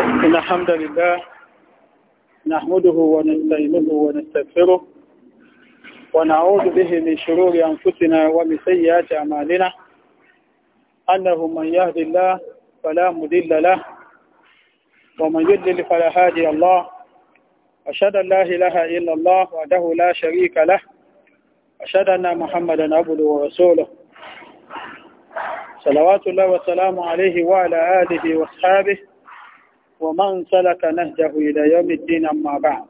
إن الحمد لله نحمده ونستعينه ونستغفره ونعوذ به من شرور أنفسنا ومن سيئات أعمالنا أنه من يهدي الله فلا مضل له ومن يضلل فلا هادي الله أشهد أن لا إله إلا الله وحده لا شريك له أشهد أن محمدا عبده ورسوله صلوات الله وسلامه عليه وعلى آله واصحابه ومن سلك نهجه إلى يوم الدين أما بعد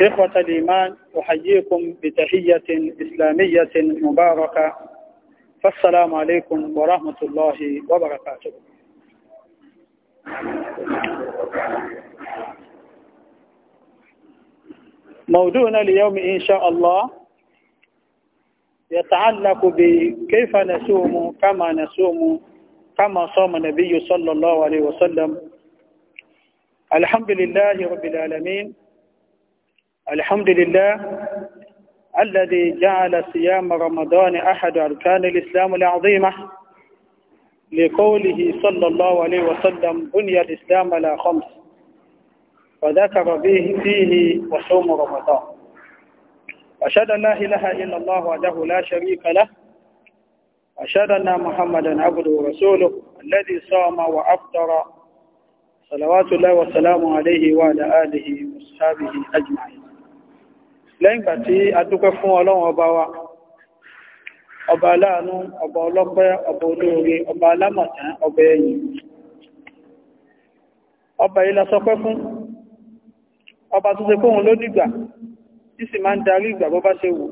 إخوة الإيمان أحييكم بتحية إسلامية مباركة فالسلام عليكم ورحمة الله وبركاته موضوعنا اليوم إن شاء الله يتعلق بكيف نصوم كما نصوم كما صام النبي صلى الله عليه وسلم الحمد لله رب العالمين الحمد لله الذي جعل صيام رمضان أحد أركان الإسلام العظيمة لقوله صلى الله عليه وسلم بني الإسلام على خمس وذكر به فيه وصوم رمضان وأشهد أن لا إله إلا الله وحده لا شريك له وأشهد أن محمدا عبده ورسوله الذي صام وأفطر صلوات الله وسلامه عليه وعلى آله وصحبه أجمعين lẹ́yìn gbà tí a dúpẹ́ fún ọlọ́run ọba wa ọba aláàánú ọba ọlọ́pẹ́ ọba olóore ọba alámọ̀tán ọba ẹ̀yìn ọba ilẹ̀ sọpẹ́ fún ọba tó ṣe kóhun ló dìgbà tí sì máa ń darí ìgbàgbọ́ bá ṣe wù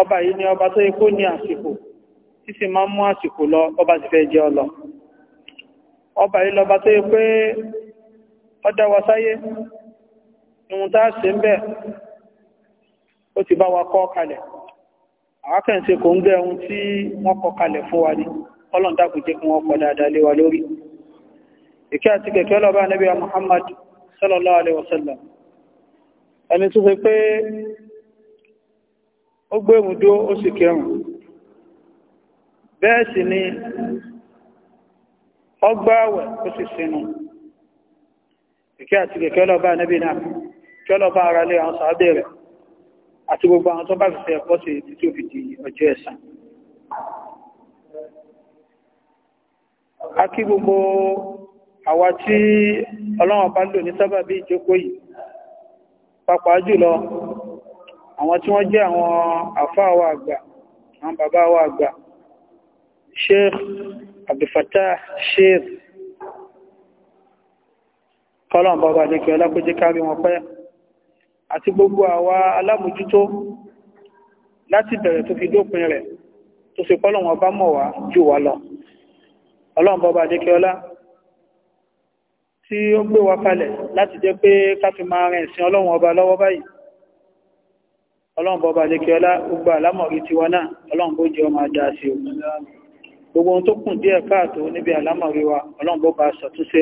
ọba yìí ni ọba tó yẹ kó ní àsìkò tí sì máa ń mú àsìkò lọ ọba sì fẹ́ jẹ́ ọlọ ọba yìí lọba tó yẹ pé ọdá wa sáyé ohun tá a ṣe ń bẹ ó ti bá wa kọ́ kalẹ̀ àwákẹ́ǹsẹ̀ kò ń gẹ́ ohun tí wọ́n kọ́ kalẹ̀ fún wa ní ọlọ́ndàkù jẹ́ kí wọ́n dáadáa lé wa lórí ìkẹ́ àti kẹ̀kẹ́ lọ́bàá Ànábì Muhammad sallallahu alaihi wasallam ẹni tó fẹ́ pé ó gbé ìmúdó ó sì kẹrùn bẹ́ẹ̀ sì ni ọgbà àwẹ̀ ó sì sinú ìkẹ́ àti kẹ̀kẹ́ lọ́bá níbi náà kí ọlọ́bá ara lé àwọn sàábẹ̀ rẹ̀ àti gbogbo àwọn tó bá fi fẹ́ ẹ̀kọ́ sí títí ó fi ọjọ́ ẹ̀san a kí gbogbo àwa tí ọlọ́wọ̀n bá lò ní sábàbí ìjókòó yìí pàápàá jùlọ àwọn tí wọ́n jẹ́ àwọn àfáà wa àgbà àwọn bàbá wa àgbà Sheikh Abdul Fattah Sheikh kọlọ̀n bàbá jẹ́kẹ́ ọlápẹ́jẹ́ kárí wọn pẹ́ àti gbogbo àwa alámòjútó láti bẹ̀rẹ̀ tó fi dópin rẹ̀ tó sì kọlọ̀n wọn bá mọ̀ wá jù wá lọ ọlọ́n bàbá jẹ́kẹ́ ọlá tí ó gbé wa kalẹ̀ láti jẹ́ pé ká fi máa rìn ìsìn ọlọ́run ọba lọ́wọ́ báyìí ọlọ́run bọba lékẹ́ ọlá gbogbo àlámọ̀rí tiwa náà ọlọ́run bó jẹ́ ọmọ àdá sí òun gbogbo ohun tó kùn díẹ̀ káàtó níbi àlámọ̀rí wa ọlọ́run bọba ṣàtúnṣe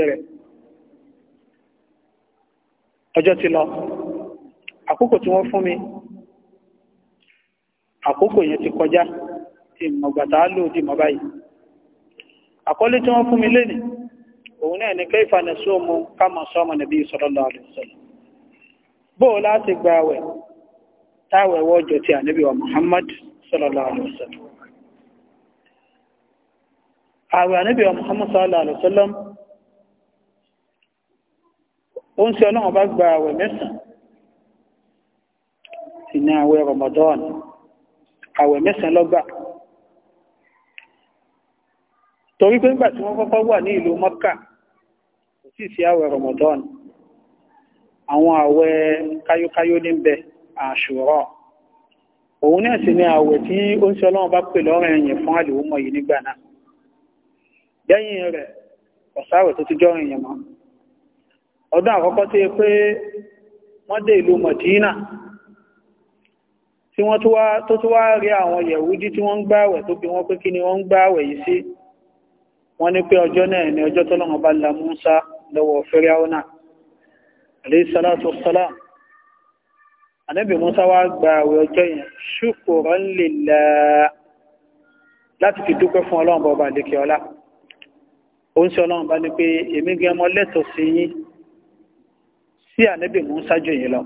òun náà ni kaifa nasumu kama sama nabi sallallahu alaihi wasallam bó láti gba àwẹ̀ táwẹ̀ wọ́jọ ti ànábì wa muhammad sallallahu alaihi wasallam àwẹ̀ ànábì wa muhammad sallallahu alaihi wasallam ó ń ṣe ọlọ́run bá torí pé nígbà tí wọ́n kọ́kọ́ wà ní ìlú Mọ́kà kò sí sí àwẹ̀ Ramadan àwọn àwẹ̀ káyókáyó ní bẹ àṣùrọ̀ òun náà sì ni àwẹ̀ tí ó ń sọ Ọlọ́run bá pè lọ́rọ̀ ẹ̀yìn fún àlèwọ́mọ̀ yìí nígbà náà lẹ́yìn rẹ̀ ọ̀sáwẹ̀ tó ti jọ ìyẹn mọ́ ọdún àkọ́kọ́ tí wọ́n tó wá rí àwọn Yẹ̀wúdí tí wọ́n ń gbààwẹ̀ tó bí wọ́n pé kí ni wọ́n ń gbààwẹ̀ yìí sí wọ́n ní pé ọjọ́ náà ni ọjọ́ tọ́lọ́wọ́n bá la Musa lọ́wọ́ Fíráúnà alayhi salatu wassalam Ànábì Musa wá gba àwẹ̀ ọjọ́ yẹn shukran lillah láti fi dúpẹ́ fún Ọlọ́run bá ọba lékè ọlá ó ń sọ Ọlọ́run bá ní pé èmi gẹ́ mọ́ lẹ́tọ̀ sí yín sí Ànábì Musa jù yín lọ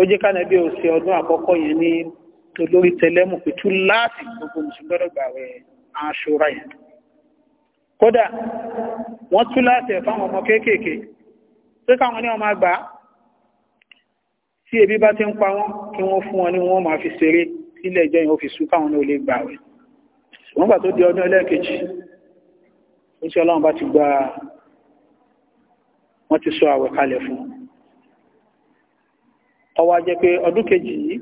ó jẹ́ kánẹ́bí ò sí ọdún àkọ́kọ́ yẹn ní kódà wọ́n tú láti ẹ̀fáwọn ọmọ kéékèèké tí káwọn ní ọmọ àgbà tí ebi bá ti ń pa wọ́n kí wọ́n fún wọn ní wọ́n máa fi ṣeré sílẹ̀ jẹ́ ìhò fi sú káwọn ní olè gbà rẹ̀ wọ́n gbà tó di ọdún ẹlẹ́ẹ̀kejì ó sì ọlọ́run bá ti gba wọ́n ti sọ àwẹ̀ kalẹ̀ fún ó wá pé ọdún kejì yìí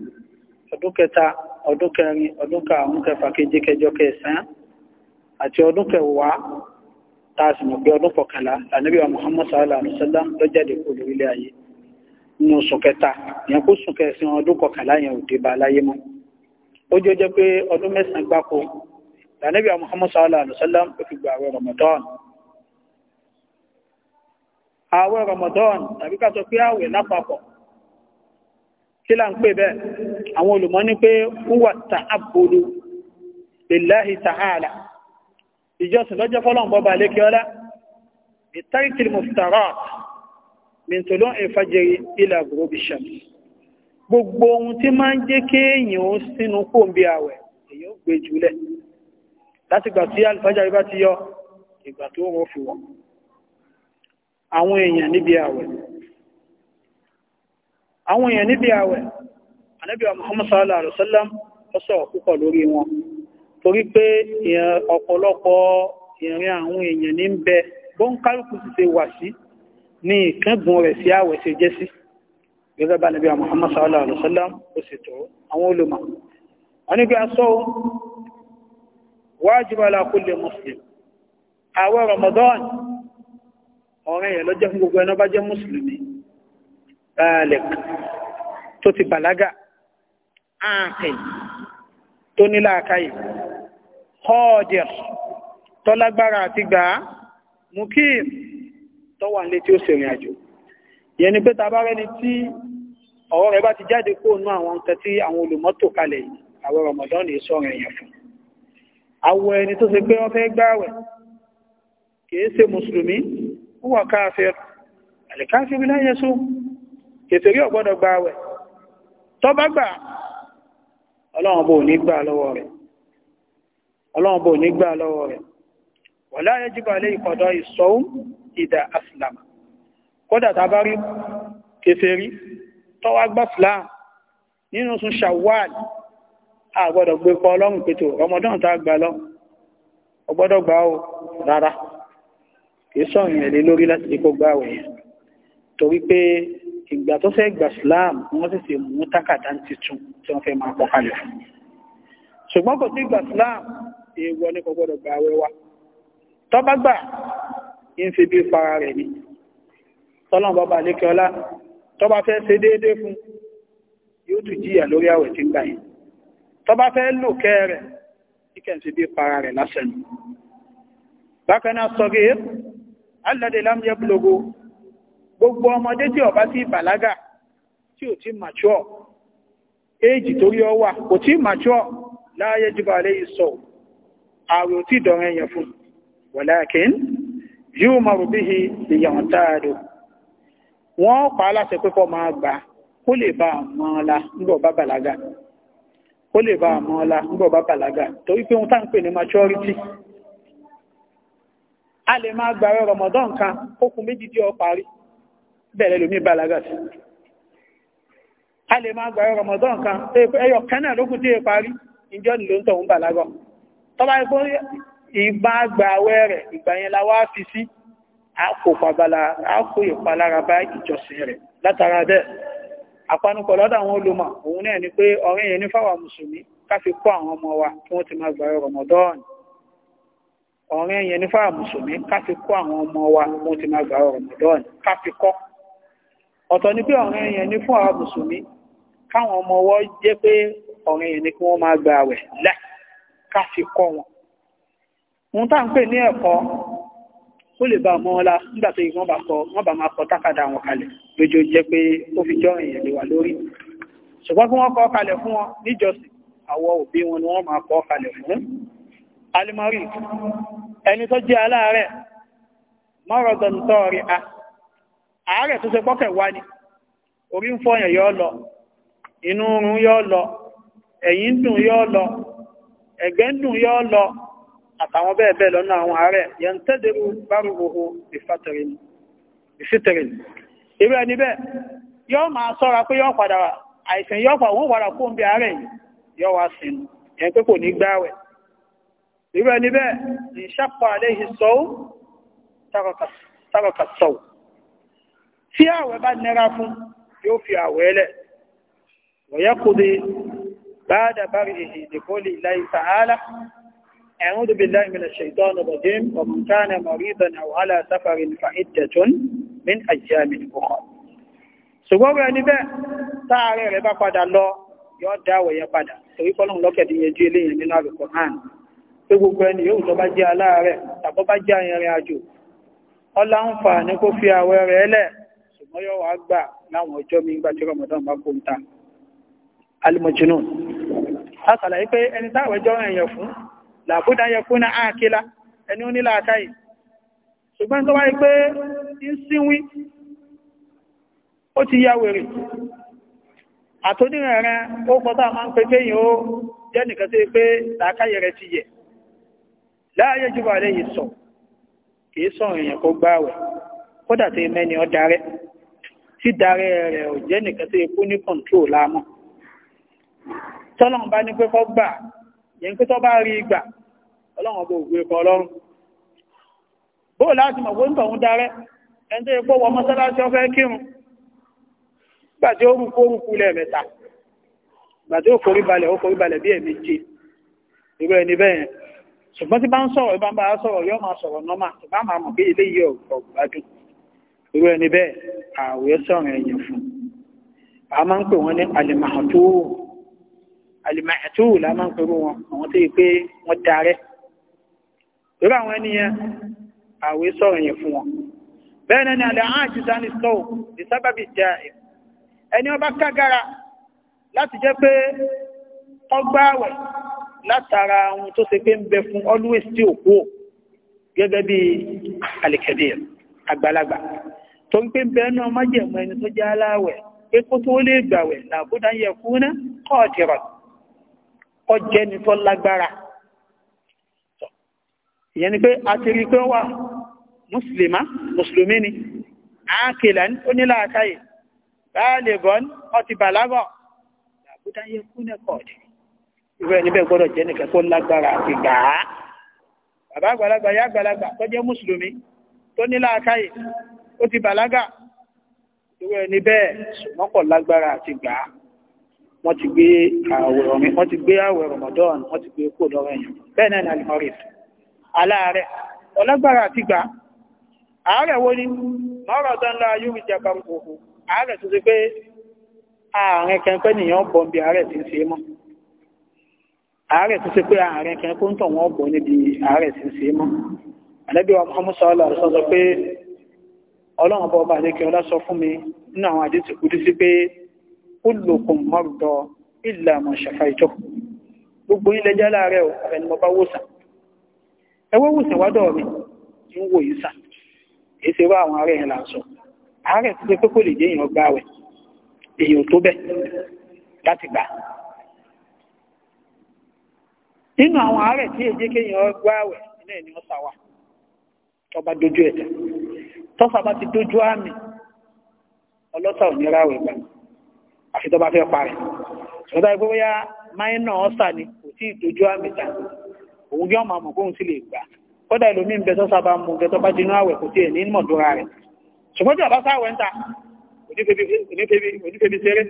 ọdún kẹta ọdún kẹrin ọdún kẹfà keje kẹjọ kẹsàn-án àti ọdún kẹwàá táàsì mọ̀ pé ọdún kọkànlá ànábíwá Muhammad sallallahu alaihi wasallam ló jáde kó lórí ilé ayé nínú sùn kẹta ìyẹn kó sùn kẹsàn ọdún kọkànlá yẹn ò dé bá láyé mọ́ ó jẹ́ jẹ́ pé ọdún mẹ́sàn-án gbáko ànábíwá Muhammad sallallahu alaihi wasallam ó fi gba àwẹ̀ Ramadan àwẹ̀ Ramadan tàbí ká sọ pé àwẹ̀ lápapọ̀ kí là ń pè bẹ́ẹ̀ àwọn olùmọ̀ ní pé wúwà ta'abudu billahi ta'ala ìjọsìn lọ́jọ́ fọ́lọ́n bọ́ba lékè ọlá ìtàríkì muftarat mintolo ìfàjẹrí ilẹ̀ agrobisham gbogbo ohun tí máa ń jẹ́ kéèyàn ó sínú kóńbi àwẹ̀ èyí ó gbé jùlẹ̀ láti gbà tí alifájà rí bá ti yọ ìgbà tó rọ fi wọ̀ àwọn èèyàn níbi àwẹ̀ àwọn èèyàn níbi àwẹ̀ anábíà muhammad sallallahu alaihi wasallam ó sọ̀rọ̀ púpọ̀ lórí wọn torí pé ọ̀pọ̀lọpọ̀ ìrìn àwọn èèyàn ní ń bẹ bó ń kálùkù ti ṣe wà sí ní ìkángun rẹ̀ sí àwẹ̀ ṣe jẹ́ sí gẹ́gẹ́ bá nàbí Muhammad sallallahu alaihi wasallam ó sì tó àwọn olùmọ̀ wọn ni pé aṣọ wájib Ramadan ọ̀rẹ́ yẹn lọ́jọ́ fún gbogbo ẹni bá jẹ́ mùsùlùmí balẹ̀ tó tó ní láàkáyìí kọ́ọ̀dìr tọ́lágbára àti gbà á mukim tọ́wà nílé tí ó sẹ̀rìn àjò yẹni pé tàbá rẹni tí ọ̀rọ̀ rẹ̀ bá ti jáde kó nú àwọn nǹkan tí àwọn olùmọ́tò kalẹ̀ àwọn Ramadan ní sọ́rọ̀ èèyàn fún awọ ẹni tó ṣe pé wọ́n fẹ́ gbáwẹ̀ kìí ṣe mùsùlùmí wúwà káàfẹ́ àlìkáàfẹ́ láyé sún kèfèrí bò ní gbà lọ́wọ́ rẹ̀ ọlọ́run bò nígbà lọ́wọ́ rẹ̀ wọ̀lá ẹjíbà lè ìkọ̀dọ̀ ìsọ́un ìdá asìlàmà kódà tàbá rí kèfèrí tọ́wà gbà fìlàm nínú sun ṣàwàl àgbọ́dọ̀ gbé pọ̀ ọlọ́run pẹ̀tò ọmọdún tá gbà lọ ọgbọ́dọ̀ gbà ó rárá kìí sọ̀rọ̀ ẹ̀lẹ́ lórí láti lè kó gbà wẹ̀ torí pé ìgbà tó fẹ́ gbà fìlàm wọ́n sì sì mú tákàdá tuntun tí wọ́n fẹ́ máa kọ́ kalẹ̀ ṣùgbọ́n kò sí gbà fìlàm èèwọ̀ ní kò gbọ́dọ̀ gba àwẹ̀ wa tọ́ba gbà ń fi bí fara rẹ̀ ni tọ́lọ́n bàbá lékẹ́ ọlá tọ́ba fẹ́ ṣe déédéé fún yóò tún jìyà lórí àwẹ̀ tí ń gbà yẹn tọ́ba fẹ́ lò kẹ́ rẹ̀ kíkẹ́ ń fi bí fara rẹ̀ lásán ni bákan náà sọ̀gẹ́ alẹ́dẹ̀ lámúyẹ́ bulogo gbogbo ọmọdé tí ó bá ti bàlágà tí ò A ò tí dọ̀rọ̀ walakin yóò bihi rò bí ìyàwó pa á gba, pípọ̀ máa gbà kó lè bá àmọ́ ọlá ńgbọ̀ balaga, bàlágà kó lè bá àmọ́ ọlá ńgbọ̀ bá a lè máa gbààwẹ̀ Ramadan kan a le ma gbara Ramadan kan ẹyọ kan náà lókùn tí ó tọ́bá ipò ìgbà àgbàwẹ́ rẹ̀ ìgbà yẹn la wá fi sí àkó ìpalára bá ìjọsìn rẹ̀ látara bẹ́ẹ̀ àpanupọ̀ lọ́dọ̀ àwọn olùmọ̀ òun náà ni pé ọ̀rẹ́ yẹn ní fáwà mùsùlùmí ká kọ́ àwọn ọmọ wa kí wọ́n ti máa gbà Ramadan ọ̀rẹ́ yẹn ní fáwà mùsùlùmí ká fi wa kí wọ́n ti máa gbà Ramadan ká fi ni pé ọ̀rẹ́ yẹn ní fún àwọn mùsùlùmí ni kí wọ́n máa ká fi kọ́ wọn wọn tá ń pè ní ẹ̀kọ́ ó lè bá ọmọ ọlá nígbà tó yìí wọ́n bá kọ wọ́n bá máa kọ tákàdá wọn kalẹ̀ lójó jẹ́ pé ó fi jọ èèyàn lè wà lórí ṣùgbọ́n kí wọ́n kọ kalẹ̀ fún wọn níjọsìn àwọn òbí wọn ni wọ́n máa kọ kalẹ̀ fún alimari ẹni tó jẹ́ aláàárẹ̀ mọ́rọ̀dọ̀n tọ́ọ̀rí a àárẹ̀ tó ṣe pọ́kẹ̀ wá ní ẹ̀gẹ́ yọ́ lọ àtàwọn bẹ́ẹ̀ bẹ́ẹ̀ lọ́nà àwọn ààrẹ yẹn tẹ́dẹ̀rú bárùgbòho ìfítẹ̀rìn irú ẹni bẹ́ẹ̀ yọ́ ma sọ́ra pé yọ́ padà àìsàn yọ́ pa wọ́n padà kó ń bí ààrẹ yọ́ wá sínú yẹn بعد برئه لقول الله تعالى أعوذ بالله من الشيطان الرجيم ومن كان مريضا أو على سفر فعدة من أيام أخرى ṣùgbọ́n ẹni bẹ́ẹ̀ táàrẹ rẹ̀ bá padà lọ yóò dá àwẹ̀yẹ padà torí fọ́lọ́n lọ́kẹ̀dì yẹjú eléyìn nínú àrùkọ̀ hàn pé gbogbo ẹni yóò tó bá jẹ́ aláàrẹ̀ tàbọ́ bá jẹ́ arìnrìn àjò ọlá ń fà ní kó fi àwẹ̀ rẹ̀ lẹ̀ ṣùgbọ́n yóò wá gbà láwọn ọjọ́ mi gbà tí rọmọdán bá kó ń ta alimọ̀jìnà a sàlàyé pé ẹni táwẹ̀ jọ ẹ̀yàn fún làbúdá yẹ fún náà àkílá ẹni ó nílà àkáyì ṣùgbọ́n tó wáyé pé ń síwí ó ti ya wèrè àtòdìrẹ̀ rẹ̀ ó kọta máa ń pè kéyìn ó jẹ́ nìkan sí pé làákàyè rẹ̀ ti yẹ̀ láàyè jùbọ̀ alẹ́ yìí sọ kìí sọ èèyàn kó gbáwẹ̀ kódà tí mẹ́ni ọ darẹ́ tí darẹ́ rẹ̀ ò jẹ́ nìkan sí ikú ní kọ̀ǹtró láàmú tọ́lọ́n bá ní pé kọ́ gbà yẹn pé tọ́ bá rí gbà ọlọ́run e bó gbé kọ́ ọlọ́run bó láti mọ̀ wọ́n tọ̀hún darẹ́ ẹni tó yẹ kó wọ mọ́sálásí ọfẹ́ kírun gbà tí ó rú kó rúkú lẹ́ẹ̀mẹ́ta gbà tí ó forí balẹ̀ ó forí balẹ̀ bí ẹ̀mẹ́je irú ẹni bẹ́ẹ̀ ṣùgbọ́n tí bá ń sọ̀rọ̀ ìbá ń bá sọ̀rọ̀ yóò máa sọ̀rọ̀ nọ́mà tí bá máa mọ̀ bí ilé yìí ọ̀gbádùn irú ẹni bẹ́ẹ̀ àwòyẹ sọ̀rọ̀ ẹ̀yìn fún a máa ń pè wọ́n ní alimahatu alìmọ̀ẹ̀tù la máa ń pẹ̀rú wọn àwọn tó yí pé wọ́n darẹ́ pẹ̀lú àwọn ènìyàn àwẹ́ sọ̀rọ̀ yẹn fún wọn bẹ́ẹ̀ náà ni alẹ́ àájú sáà ní sọ́ọ̀ ní sábàbí jẹ́ ẹni ọba kágara láti jẹ́ pé ọgbàwẹ̀ látara ohun tó ṣe pé ń bẹ fún always tí ò kú gẹ́gẹ́ bí alìkẹ̀dẹ̀ àgbàlagbà tó ń pé bẹ́ẹ̀ náà májẹ̀mọ́ ẹni tó jẹ́ aláwẹ̀ pé kó tó lè gbàwẹ̀ làbúdá yẹ kú ná kọ́ọ̀tìrọ̀ ọjẹ́ ni tó lágbára ìyẹn ni pé a ti rí pé wà mùsùlùmá mùsùlùmí ni àákìlà ní onílàákáyè báàlè bọ́n ọti bàlágọ̀ làbúdá yẹ kú nẹ́kọ̀ọ̀dì ìwé ẹni bẹ́ẹ̀ gbọ́dọ̀ jẹ́ nìkan tó lágbára àti gbà á bàbá àgbàlagbà yá àgbàlagbà tó jẹ́ mùsùlùmí tó nílàákáyè ó ti bàlágà ìwé ẹni bẹ́ẹ̀ sùmọ́kọ̀ lágbára àti gbà wọ́n ti gbé àwẹ̀ ọ̀mí wọ́n ti gbé àwẹ̀ Ramadan wọ́n ti gbé kó lọ́rọ̀ èèyàn bẹ́ẹ̀ náà ni alimoris aláàrẹ̀ ọlọ́gbàrà àti gbà àárẹ̀ wo ni mọ́rọ̀ tó ń lọ ayúwì jẹ pàmòkòkò àárẹ̀ tó ti pé ààrẹ kẹ́ńpẹ́ nìyàn bọ̀ bí àárẹ̀ ti ń ṣe mọ́ àárẹ̀ tó ti pé ààrẹ kẹ́ńpẹ́ ń tọ̀ bọ̀ kullukum marda illa man shafaitu gbogbo ilẹ̀ jẹ́ láàrẹ̀ ọ̀rẹ́ ni mo bá wòsàn ẹwọ́ wòsàn wádọ̀ mi tí ń wò yí sàn èyí wá àwọn ààrẹ yẹn sọ ààrẹ ti pé kó lè jẹ́ èèyàn gbá wẹ̀ èèyàn tó láti gbà nínú tọba dojú tọ́sà ti dojú àmì ọlọ́sà ò ní ráwẹ̀ àfi tó bá fẹ́ parẹ́ ṣùgbọ́n táwọn ìgbówóyá máínà ọ̀sà ni kò tí ì dojú àmì ta òun yóò máa mọ̀ kóhun sì lè gbà kódà ìlòmí ń bẹ sọ́sà bá mú gẹ́tọ́ bá dinú àwẹ̀ kò tí ì ní mọ̀dúnra rẹ̀ ṣùgbọ́n tí àbáṣà àwẹ̀ ń ta onífebi ṣeré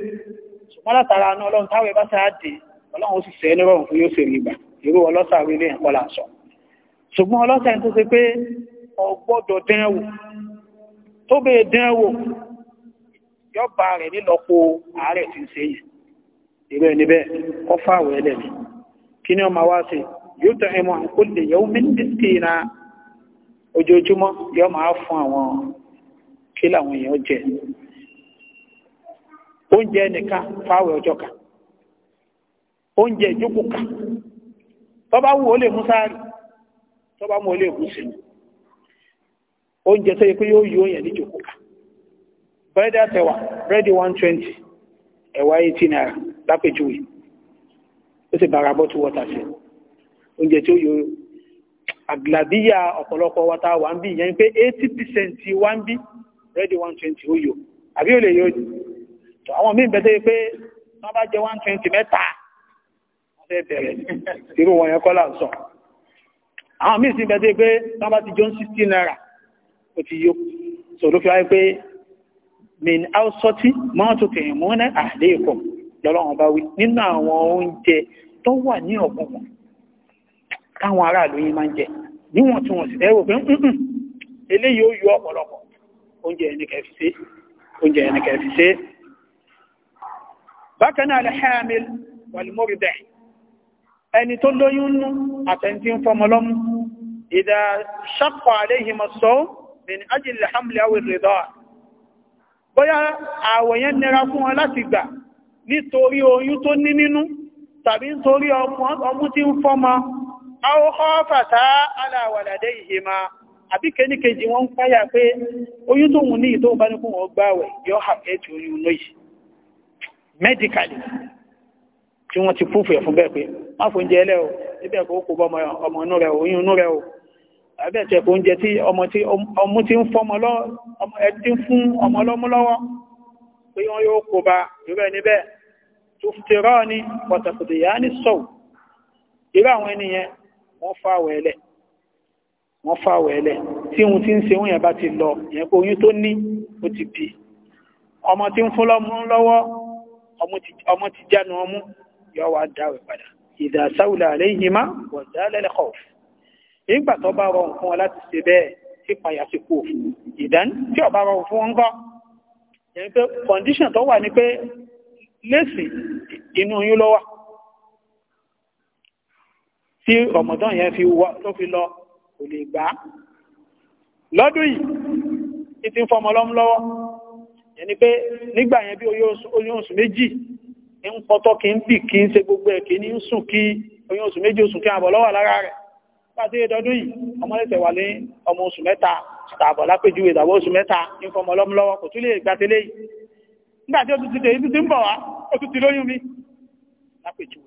ṣùgbọ́n látara náà ọlọ́run táwẹ̀ bá sáà dé ọlọ́run ó sì sẹ́ nírọ̀rùn fún yóò ṣe rí gbà irú ọlọ́sà àwọn ilé yọ bá rẹ̀ nílọ́po àárẹ̀ tí ń ṣe yìí irú ẹni bẹ́ẹ̀ kọ́ fáwọ̀ ẹlẹ̀ ni kí ni ọmọ wá sí yóò tọ́ ẹmọ àǹkó lè yọ mí nísìkì na ojoojúmọ́ yọ máa fún àwọn kí làwọn èèyàn jẹ oúnjẹ nìkan fáwọ̀ ọjọ́ kan oúnjẹ ìjókòó kan tó bá wù ó lè mú sáárì tó bá mú ó lè mú sí oúnjẹ tó yẹ pé yóò yọ òyìn ní ìjókòó kan bẹ́ẹ̀dì àtẹ̀wà bẹ́ẹ̀dì 120 ẹ̀wà 18 naira lápèjúwe ó sì bára bọ́ tó wọ́ta sí oúnjẹ tí ó yọ àgbàdíyà ọ̀pọ̀lọpọ̀ wata wà ń bí ìyẹn pé 80% wà ń bí bẹ́ẹ̀dì 120 ó yọ àbí ó lè yọ jù àwọn míì bẹ́ẹ̀ pé wọ́n bá jẹ 120 mẹ́ta wọ́n fẹ́ bẹ̀rẹ̀ irú wọn yẹn kọ́ là ń sọ àwọn míì sì bẹ́ẹ̀ pé wọ́n bá ti jọ 60 naira ó ti yọ sọ ló fi wáyé pé min ausoti mọ́tòkè ìmúnà àléèkọ̀ lọ́lọ́run bá wí nínú àwọn oúnjẹ tó wà ní ọ̀gbọ̀n táwọn aráàlú yìí máa ń jẹ níwọ̀n tí wọ́n sì ẹ̀rọ pé ǹkan eléyìí ó yọ ọ̀pọ̀lọpọ̀ oúnjẹ ẹni kẹfì sí bákan náà alhamil walmurida ẹni tó lóyún nú àtẹntí ń fọmọ lọ́mú ìdá ṣàpọ̀ àléhìmọ̀ sọ́ min ajil hamli awil ridaa bóyá àwẹ̀ yẹn nira fún wọn láti gbà nítorí oyún tó ní nínú tàbí nítorí ọmú tí ń fọ́mọ aóhọ́fàtà aláwàlàdé ìhèmà àbí abi wọ́n ń páyà pé oyún tó ní ìtò bá wọn gbáwẹ̀ yọ àpẹẹtì tí ti fún o oyún abẹ́ẹ̀tẹ̀ kò ń jẹ tí ọmọ tí ọmú tí ń fọmọ lọ ẹtí fún ọmọ lọ́mú lọ́wọ́ pé wọ́n yóò kó bá ìrẹ́ níbẹ̀ tó fi rọ́ ní pọ̀tàkùtì yá ní sọ́ọ̀ irú àwọn ènìyàn wọ́n fàwẹ̀ẹ́lẹ̀ wọ́n tí ohun tí ń ṣe wọ́n bá ti lọ yẹn pé oyún tó ní nígbà tó bá rọrùn fún wọn láti ṣe bẹ́ẹ̀ tí payà ti kú ìdán tí ọba rọrùn fún wọn yẹn pé condition tó wà ní pé lẹ́sì inú yín ló tí Ramadan yẹn fi wọ tó fi lọ kò lè gbà lọ́dún yìí ti ń fọmọ lọ́mú lọ́wọ́ yẹn ni pé nígbà yẹn bí oyún oṣù méjì ń pọtọ́ kí ń bì kí ń ṣe gbogbo ẹ̀ kí ń sùn kí oyún oṣù méjì oṣù kí àbọ̀ lọ́wọ́ lára rẹ̀ pàdé ìdọdún yìí ọmọ lẹ́sẹ̀ wà ní ọmọ oṣù mẹ́ta tààbọ̀ lápéjú ìdàbọ̀ oṣù mẹ́ta ní fọmọ ọlọ́mọlọ́wọ́ kò tún lè gbà tẹ́lẹ̀ yìí nígbà tí ó tún ti dé ibi tí ń bọ̀ wá ó tún ti lóyún mi lápéjú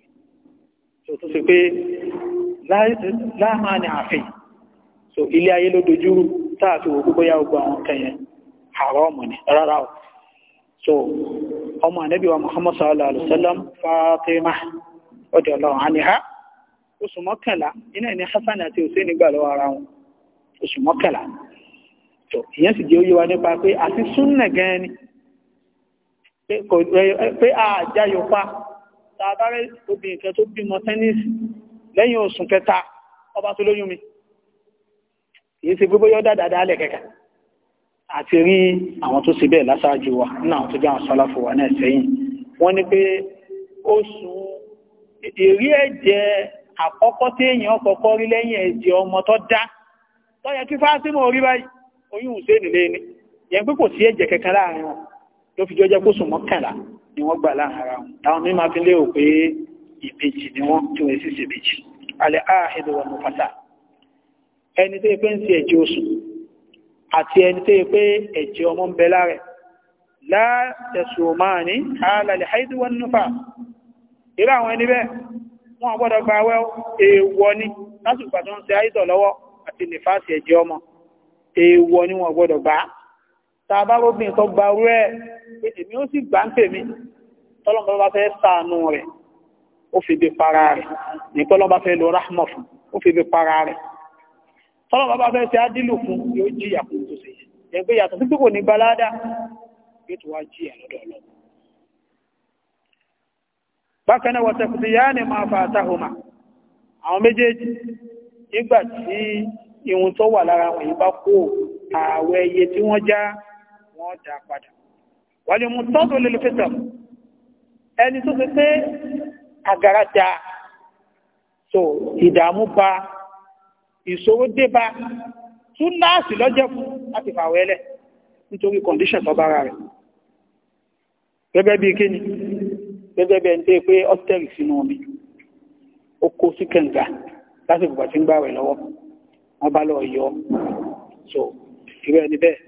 so tó ṣe pé láàmánì àfin so ilé ayé ló dojú táàfi wò gbogbo yá gbogbo àwọn kẹyẹ àárọ̀ ọmọ ni rárá o so ọmọ ànábì wa Muhammad sallallahu alaihi wa sallam Fatima ọdẹ Ọlọ́run àníhá oṣù mọ́kànlá iná ní Hassan àti Hussein gbà lọ́wọ́ ara wọn oṣù mọ́kànlá tó ìyẹn sì jẹ́ oyé nípa pé àti súnnà gan ni pé àjáyọpá tàbárẹ́ obìnrin kan tó bímọ tẹ́nísì lẹ́yìn oṣù kẹta ọba tó lóyún mi èyí ti gbogbo yọ́ dáadáa lẹ̀ kẹ̀kẹ́ àti rí àwọn tó sì bẹ́ẹ̀ lásáájú wa nínú àwọn tó jẹ́ àwọn sọ́láfò wa náà sẹ́yìn wọ́n ní pé oṣù èrí ẹ̀jẹ̀ àkọ́kọ́ tí èèyàn kọ́kọ́ rí lẹ́yìn ẹ̀jẹ̀ ọmọ tó dá tó yẹ kí fásímọ̀ orí báyìí oyún ṣe nílé ni yẹn pé sí ẹ̀jẹ̀ kankan láàrin wọn ló fi jọjẹ́ kó mọ́kànlá ni wọ́n gbà láàrin ara wọn táwọn mi máa fi ni wọ́n tí wọ́n sì ṣe ìbejì alẹ́ ààhẹ́dẹ̀ wọn mú fàtà ẹni tó yẹ pé ń ṣe ẹ̀jẹ̀ oṣù àti ẹni tó yẹ àwọn ẹni bẹ́ẹ̀ wọn àgbọ́dọ̀ gba awẹ́ èèwọ̀ ni lásìkò tó ń ṣe àìsàn lọ́wọ́ àti nífàsì ẹ̀jẹ̀ ọmọ èèwọ̀ ni wọn gbọ́dọ̀ gbà á a bá rógbìn tó gba orú ẹ̀ pé èmi ó sì gbà ń pè mí tọ́lọ́mọ bá fẹ́ sàánú rẹ̀ ó fi bí para rẹ̀ ní tọ́lọ́mọ bá fẹ́ lo rahma fún ó fi bí para rẹ̀ tọ́lọ́mọ bá fẹ́ ṣe ádìlù fún yóò jìyà fún tó ṣe yẹ pé yàtọ̀ sí pé kò bákan náà wọ́tẹ̀kùtì yá ni máa fa àtàhùmà àwọn méjèèjì nígbà tí ihun tó wà lára wọn yìí bá kó ààwẹ̀ iye tí wọ́n já wọ́n dá padà wàlẹ̀ mú tọ́dọ̀ lè ẹni tó fi pé àgàrà dá so ìdààmú ba ìṣòro dé ba tún náàsì lọ́jẹ́ fún láti fàwẹ́lẹ̀ nítorí kọ̀ndíṣàn tó bára rẹ̀ gẹ́gẹ́ bí kíni gẹ́gẹ́ bí ẹni pé ọ́stẹ́rì sínú omi ó kó sí kẹ̀ǹgà lásìkò ti ń lọ́wọ́ wọ́n bá so irú ẹni bẹ́ẹ̀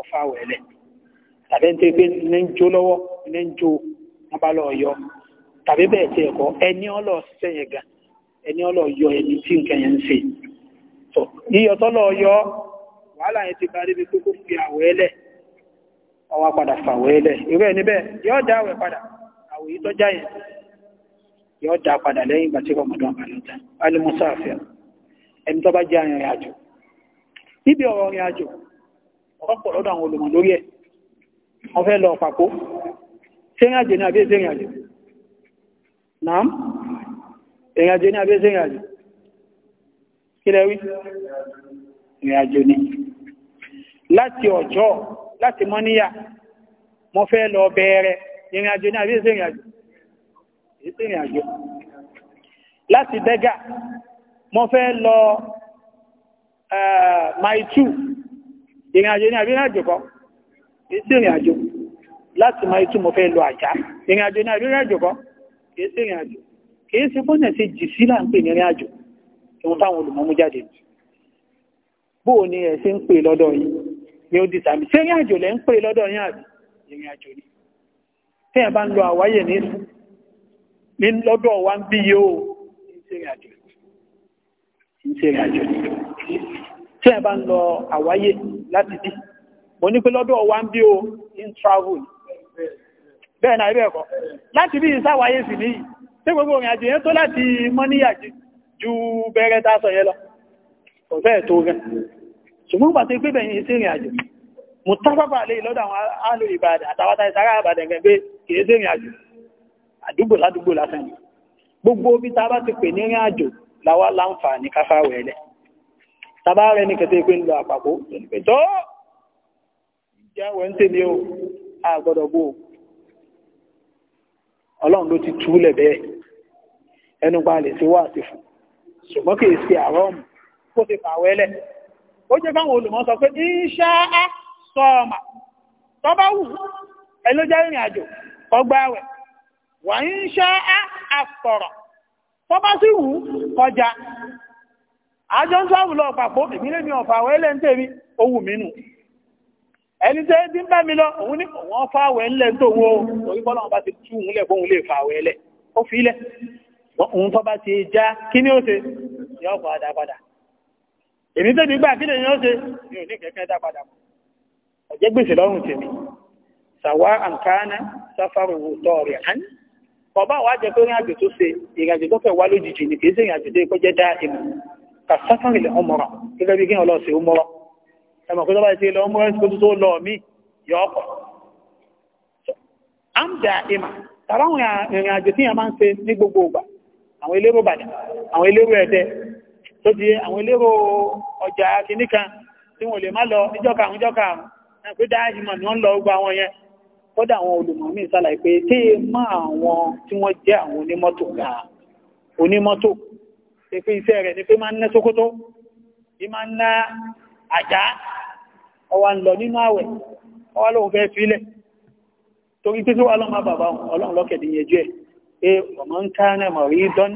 ọfà wẹ̀lẹ̀ tàbí ẹni pé ní ń jó lọ́wọ́ ní ń jó wọ́n bá lọ yọ yọ ẹni tí nǹkan yẹn ń ṣe so yíyọ yọ wàhálà yẹn ti fi àwẹ̀lẹ̀ ọwọ́ padà fàwẹ̀lẹ̀ ẹni bẹ́ẹ̀ yọ èyí tó jáyẹ yóò dá padà lẹ́yìn ìgbà tí rọmọdún àbálọ́ta alimusafir ẹni tó bá jẹ́ arìnrìn àjò níbi ọ̀rọ̀ rìn àjò ọ̀pọ̀ lọ́dọ̀ àwọn olùmọ̀ lórí ẹ̀ wọ́n fẹ́ lọ pàkó sẹ́rìn àjò ní àbí sẹ́rìn àjò náà ìrìn àjò ní àbí sẹ́rìn àjò kí lẹ́rí ìrìn àjò ní láti ọjọ́ láti mọ́níyà mo fẹ́ lọ bẹ̀rẹ̀ ìrìn àjò ní àbí èsè ìrìn àjò èsè ìrìn àjò láti dẹ́gà mo fẹ́ lọ maitu ìrìn àjò ní àbí ìrìn àjò kọ́ èsè ìrìn àjò láti maitu mo fẹ́ lọ àjá ìrìn àjò ní àbí ìrìn àjò kọ́ èsè ìrìn kìí sí bọ́nà ní ni ẹ̀ ni ó dìtàmì sí ìrìn àjò lẹ́ ń pè lọ́dọ̀ yìí àbí ni tí ẹ bá ń lo àwáyè ní lọ́dọ̀ wa ń bí yóò ìṣẹ́rìn àjò tí ẹ bá ń lọ àwáyè láti bí mo ní pé lọ́dọ̀ wa ń bí o in travel bẹ́ẹ̀ náà ibẹ̀ ẹ̀kọ́ láti bí ìsáwáyé sì ní tí gbogbo òrìn àjò yẹn tó láti mọ́níyà ju bẹ̀rẹ̀ tásọ yẹn lọ ọ̀fẹ́ tó rẹ̀ ṣùgbọ́n pàtó pé bẹ̀yìn ìṣẹ́rìn àjò mo tábàbà lè lọ́dọ̀ àwọn alò ìbàdàn àtàwátà ìsára àbàdàn gẹ̀gbẹ́ kìí sí àjò àdúgbò ládùúgbò lásán ni gbogbo bí ta bá ti pè ní ìrìn àjò láwá láǹfààní káfáwẹ̀ ẹlẹ̀ tàbá rẹ̀ ní kẹta ìpé lọ àpapọ̀ tó ìjẹ́wẹ̀ ń o àgbọ́dọ̀ ọlọ́run ló ti túlẹ̀ bẹ́ẹ̀ ẹnu pa ti kọgbáwẹ̀ wà ń ṣá àfọ̀rọ̀ tọ́bá sí wù kọjá àjọ ń sáàbù lọ pàpọ̀ èmi lè mi ọ̀fàwẹ́ ilẹ̀ ń tèmi owó mínú ẹni tẹ́ tí ń bá mi lọ òun ní wọ́n fàwẹ́ ńlẹ̀ tó wó orí bọ́lá wọn bá ti tú òun lẹ̀ bóun lè fàwẹ́ lẹ̀ ó fi lẹ̀ òun tọ́bá ti já kí ni ó ṣe yọ padà padà èmi tẹ́bi gbà kí ni ó ṣe mi ò ní kẹ́kẹ́ dá padà ọ̀jẹ́ gbèsè lọ́rùn tèmi sàwá àǹkáánà sáfàrùwò tọ́ọ̀rì àn ọba àwọn àjẹ pé ìrìnàjò tó ṣe ìrìnàjò tó fẹ́ wá lójijì ní kìí ṣe ìrìnàjò tó kọjá dá ìmọ̀ kà sáfàrì lè ọmọrọ gẹ́gẹ́ bí ọmọrọ ẹmọ pé tọ́ba ti lọ ọmọrọ sí tó lọ mí yọ ọkọ̀ àmdà tàbáwọn ìrìnàjò tí máa ń ṣe ní gbogbo àwọn elérò bàdà àwọn elérò tó di àwọn elérò ọjà tí wọn kódà àwọn olùmọ̀ míì ṣàlàyé pé tí e mọ́ àwọn tí wọ́n jẹ́ àwọn onímọ́tò ga onímọ́tò ṣe pé iṣẹ́ rẹ̀ ni pé máa ń ná ṣòkòtò bí máa ń ná àjá ọwà ń lọ nínú àwẹ̀ ọwà lóun fẹ́ filẹ̀ torí pé tí wọ́n lọ́mọ bàbá ọlọ́run lọ́kẹ̀dẹ̀ yẹn jẹ́ pé ọmọ ń ká náà mọ̀ rí dán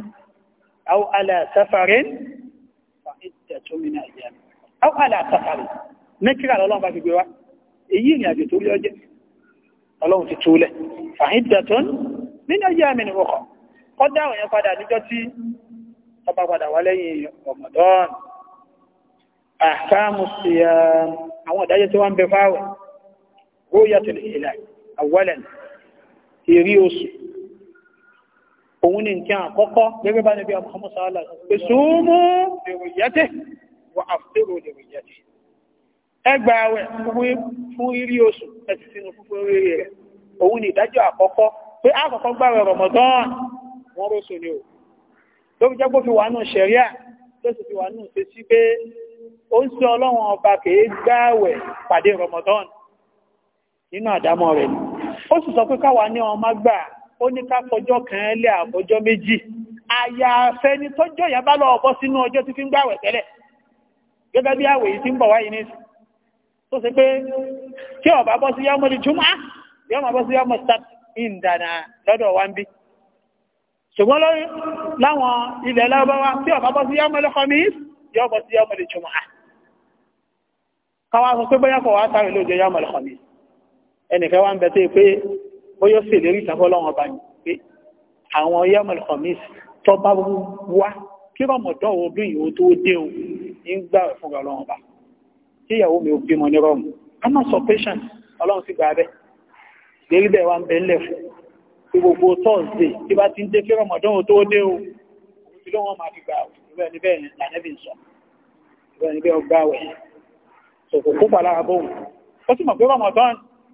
àwọn alàṣàfàrẹ́ àwọn alàṣàfàrẹ́ mẹ́kìrà lọ́lọ́run bá fi gbé wa èyí ìrìn àjò tó ọjẹ́ ọlọ́run ti túlẹ̀ fàhídàtún nínú ayé àmì ní ọkọ̀ ọ dáwọn yẹn padà níjọ́ tí ọba padà wá lẹ́yìn Ramadan àkáàmù sí àwọn ìdájẹ́ tí wọ́n bẹ fáwẹ̀ ru'yatul hilal awalan ìrí oṣù òun ni nǹkan àkọ́kọ́ gẹ́gẹ́ bá níbi àmọ́ sàálà pèsè ó mú èrò ìyàtẹ̀ wà àfẹ́rò èrò ìyàtẹ̀ ẹgbà àwẹ̀ fún irí oṣù ẹ̀sì sínú fún orí rẹ̀ òun ni ìdájọ́ àkọ́kọ́ pé àkọ́kọ́ gbàwẹ̀ Ramadan wọ́n rọ́sọ ni o ló fi jẹ́gbó fi wà nù ṣẹ̀ríà ló sì fi wà nù ṣe sí pé ó ń sí ọlọ́run ọba kèé gbàwẹ̀ pàdé Ramadan nínú àdámọ́ rẹ̀ ni ó sì sọ pé káwa ní ọmọ gbà ó ní ká fọjọ́ kan lé àfọjọ́ méjì àyàfẹ́ ni tọ́jọ́ yẹn bá lọ bọ́ sínú ọjọ́ tí fi ń gbàwẹ̀ tẹ́lẹ̀ gẹ́gẹ́ bí àwẹ̀ yìí ti ń bọ̀ wáyé nísìnyí tó ṣe pé tí ọba bọ́ sí yọmọ ìjùmọ̀ yọmọ bọ́ sí yọmọ sat ìndànà lọ́dọ̀ wa ń bí ṣùgbọ́n lórí láwọn ilẹ̀ lábáwá tí ọba bọ́ sí yọmọ lọ́kọ̀mí yọ bọ́ sí yọmọ ìjùmọ̀ káwá sọ pé bóyá kọ̀ wá sáré lóòjọ yọmọ lọ́kọ̀mí ẹnìkẹ́ wá ń bẹ tó pé bóyá ó sì lérí ìtàkọ́ lọ́wọ́ bá yìí pé àwọn yọmọ lọ́kọ̀mí tó bá wá kí rọmọdọ́ ọdún yìí ó tó dé o ń gbà fún ọlọ́wọ́ bá yìí kí ìyàwó mi ò bímọ ní rọrùn a máa sọ patient ọlọ́run sí gbàbẹ́ lérí bẹ́ẹ̀ wá ń bẹ ńlẹ̀ fún tí gbogbo thursday tí bá ti ń dé kí rọmọdán ò tó dé o tí ló wọn máa fi gbà wẹ̀ ìbẹ́ẹ̀ ni bẹ́ẹ̀ lànẹ́bì ń sọ ìbẹ́ẹ̀ ni bẹ́ẹ̀ ọgbà wẹ̀ sọ̀kò kópa lára bóun ó sì mọ̀ pé rọmọdán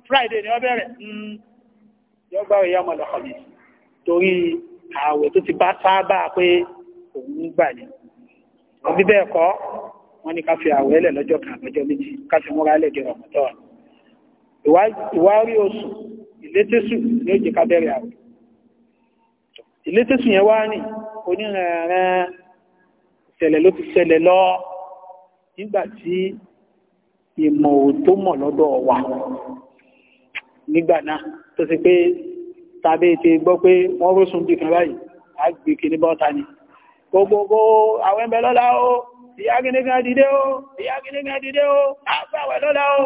friday ni wọ́n bẹ̀rẹ̀ hmm. yọ gbà wẹ̀ yọmọ lọ́kọ̀ọ́lì torí ààwẹ̀ tó ti bá sáábà pé òun gbà ní ọbí bẹ́ẹ̀ kọ́ wọ́n ní ká fi àwẹ̀lẹ̀ lọ́jọ́ kan lọ́jọ́ méjì ká fi múra lẹ̀ di rọ̀mọ̀tọ́ ìwárí oṣù ìlétésù ní ó jẹ́ ká bẹ̀rẹ̀ àwẹ̀ ìlétésù yẹn wá ní onírànràn ìṣẹ̀lẹ̀ ló ti ṣẹlẹ̀ lọ nígbà ìmọ̀ tó mọ̀ lọ́dọ̀ wa nígbà náà tó sì pé tàbí ti gbọ́ pé wọ́n rọ́sùn bí kan báyìí àgbèkè ní bọ́ta ni gbogbogbò àwẹ́mbẹ̀lọ́lá ó ìyá gíní gan dìde ó ìyá gíní gan dìde ó àbáwẹ̀ lọ́la ó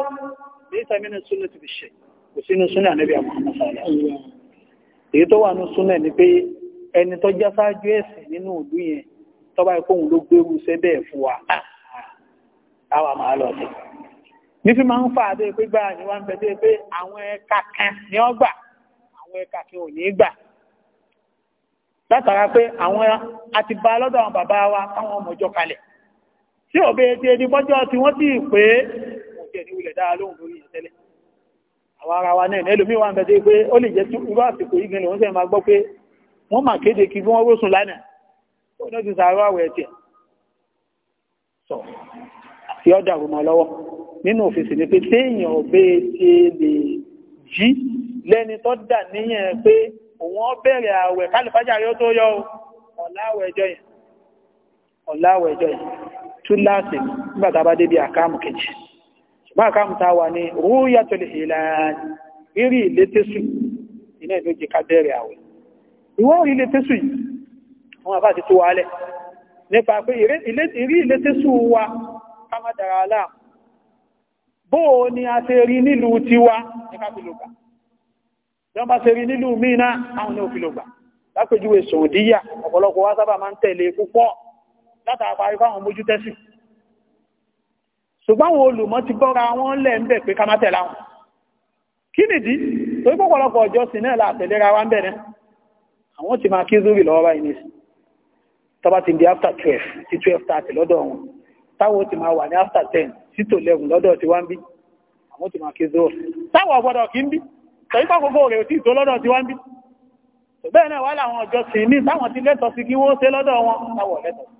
bí ìtàmínú súnà ti fi ṣe kò sínú ni pé ẹni tó já sáájú ẹ̀sìn nínú ìlú yẹn tó bá ikú òun ló gbérú iṣẹ́ bẹ́ẹ̀ fún wa àwa máa lọ sí ní fi máa ń fà dé pé gbà ní wá ń bẹ pé àwọn ẹ̀ka kan ni wọ́n gbà àwọn ẹ̀ka kan ò ní gbà látara pé àwọn àti bá lọ́dọ̀ àwọn bàbá wa káwọn ọmọ ọjọ́ kalẹ̀ tí òbí ti ẹni bọ́jọ́ tí wọ́n ti pé wọ́n ti ẹni wulẹ̀ dáa lóhùn lórí ìtẹ́lẹ̀ àwọn ara wa náà ẹlòmí wà ń bẹ̀ pé ó lè jẹ́ irú àsìkò yìí gan-an lòun sẹ́ máa gbọ́ pé wọ́n mà kéde kí wọ́n rósùn lánàá ó náà ni pé téèyàn òbí ti lè jí lẹ́ni tó dà níyẹn pé òun ó àwẹ̀ kálífájà yóò tó yọ ọ̀làwẹ̀ ẹjọ́ yẹn túláàsì nígbàtà bá débi àkáàmù kejì ṣùgbọ́n àkáàmù ta wà ní rúúyàtọ̀lẹ̀ ìlànà rírí ìlétésù iná ìlójì ká bẹ̀rẹ̀ àwẹ̀ ìwọ́n rí ìlétésù yìí wọ́n àbá ti tó wà lẹ̀ nípa pé ìrí ìlétésù wa ká má dára ni a ṣe rí nílùú tiwa ní káfílùgbà lọ́n bá ṣe rí nílùú míì látara parí fáwọn mójú tẹ́sì ṣùgbọ́n àwọn olùmọ̀ ti bọ́ra wọn lẹ̀ ń bẹ̀ pé ká má tẹ̀lé àwọn kí nìdí torí pọ̀pọ̀lọpọ̀ ọjọ́ sí náà látẹ̀lera wa ń bẹ̀ náà àwọn ti máa kí zúrì lọ́wọ́ after 12 sí 12:30 lọ́dọ̀ wọn táwọn ti máa wà after 10 sí tó 11 lọ́dọ̀ ti wá ń bí àwọn ti máa kí zúrì táwọn ọgbọ́dọ̀ kí ń bí torí pọ̀pọ̀lọpọ̀ rẹ̀ tí tó lọ́dọ̀ ti wá ń bí bẹ́ẹ̀ náà wà láwọn ọjọ́ sí ní táwọn ti lẹ́tọ̀ sí kí wọ́n ṣe lọ́dọ̀ wọn táwọn lẹ́tọ̀ sí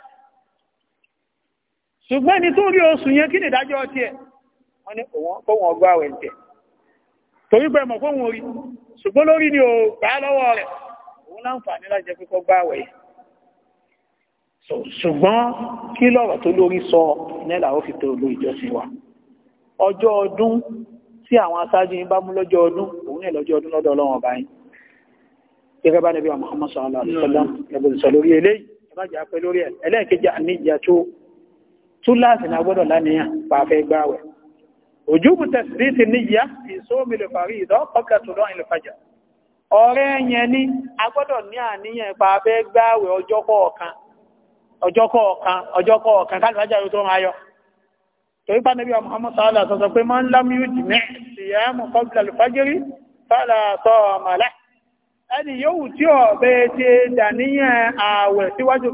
ṣùgbọ́n ẹni tó rí oṣù yẹn kí ni ìdájọ́ ọtí ẹ̀ wọ́n ní kóhun ọgbà àwẹ̀ ń tẹ̀ torí pé mọ̀ kóhun orí ṣùgbọ́n lórí ni ò gbà á lọ́wọ́ rẹ̀ òun láǹfààní láti jẹ́ pípọ́ gbà àwẹ̀ ṣùgbọ́n kí lọ́rọ̀ tó lórí sọ nílà ó fi tó olú ìjọsìn wa ọjọ́ ọdún túláàsì náà gbọ́dọ̀ lánìyàn pàfẹ́ gbáwẹ̀ òjúbù tẹ̀sìdìtì níyà ìsómìlẹ̀ parí ìdọ́kọ̀kẹ́ tó lọ́rin lè fàjà ọ̀rẹ́ yẹn ní agbọ́dọ̀ ní àníyàn pàfẹ́ gbáwẹ̀ ọjọ́ kọ̀ọ̀kan ọjọ́ kọ̀ọ̀kan ọjọ́ kọ̀ọ̀kan káàkiri ajá Muhammad sàálà sọ pé máa ń lámú yóò jì mẹ́ sí ẹ̀mù kọ́bílà lùfájírí fàlà sọ ọ̀màlẹ́ ẹni yóò tí ọ̀bẹ ti dàníyàn ààwẹ̀ síwájú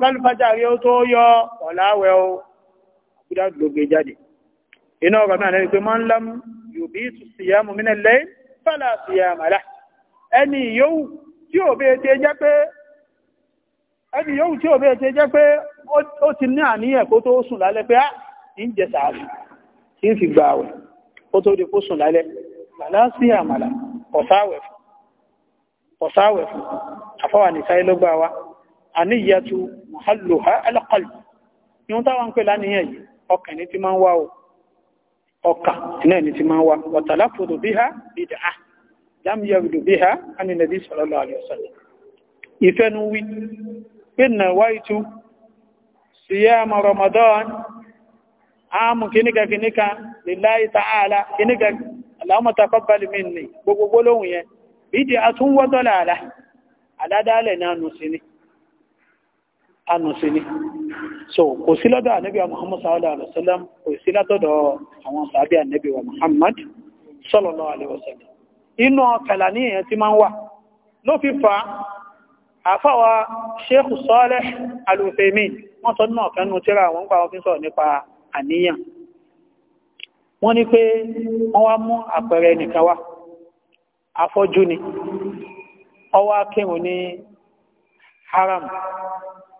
tó Búdáàdù ló gbé jáde. Iná ọ̀rọ̀ náà lẹ́yìn pé máa ń lám yòbí tù síyàmù mí lẹ́yìn fàlà síyàmù àlá. Ẹni yòówù tí ò bẹ́ẹ̀ tẹ́ jẹ́ pé ẹni yòówù tí ò bẹ́ẹ̀ tẹ́ jẹ́ pé ó ti ní àníyàn kó tó sùn lálẹ́ pé á ah, ń jẹ sàárì tí ń fi gba àwẹ̀ ó tó di kó sùn lálẹ́. Bàlá síyàmù àlá ọ̀sáwẹ̀ fún ọ̀sáwẹ̀ fún àfọwà nìsáyé ló ọkàn ní ti máa ń wá o ọkà náà ní ti máa ń wá ọ̀tàlá fòdò bí ha ìdá lámìyàwòdò bí ha anìlẹ̀bí sallallahu alaihi wasallam ìfẹ́nu wí pé nà wáìtú siyama Ramadan áàmù kíníkà kíníkà lillahi ta'ala kíníkà Allahumma taqabbal minni gbogbo gbólóhùn yẹn bídí àtúnwọ́dọ́lá àlá àládálẹ̀ náà nù sí ni anùsí ni so kò sí lọ́dọ̀ ànẹ́bí wa muhammad sallallahu alaihi wasallam kò sí látọ̀dọ̀ àwọn sàábí ànẹ́bí wa muhammad sallallahu alaihi wasallam inú ọkàlà ní èyàn tí máa ń wà ló fi fa àfáwa sheikh salih al wọ́n sọ nínú ọ̀kan nù tíra àwọn pa wọn nípa àníyàn wọ́n ní pé wọ́n wá mú àpẹẹrẹ nìkan wá afọ́jú ni ọwọ́ akẹ́hùn ní haram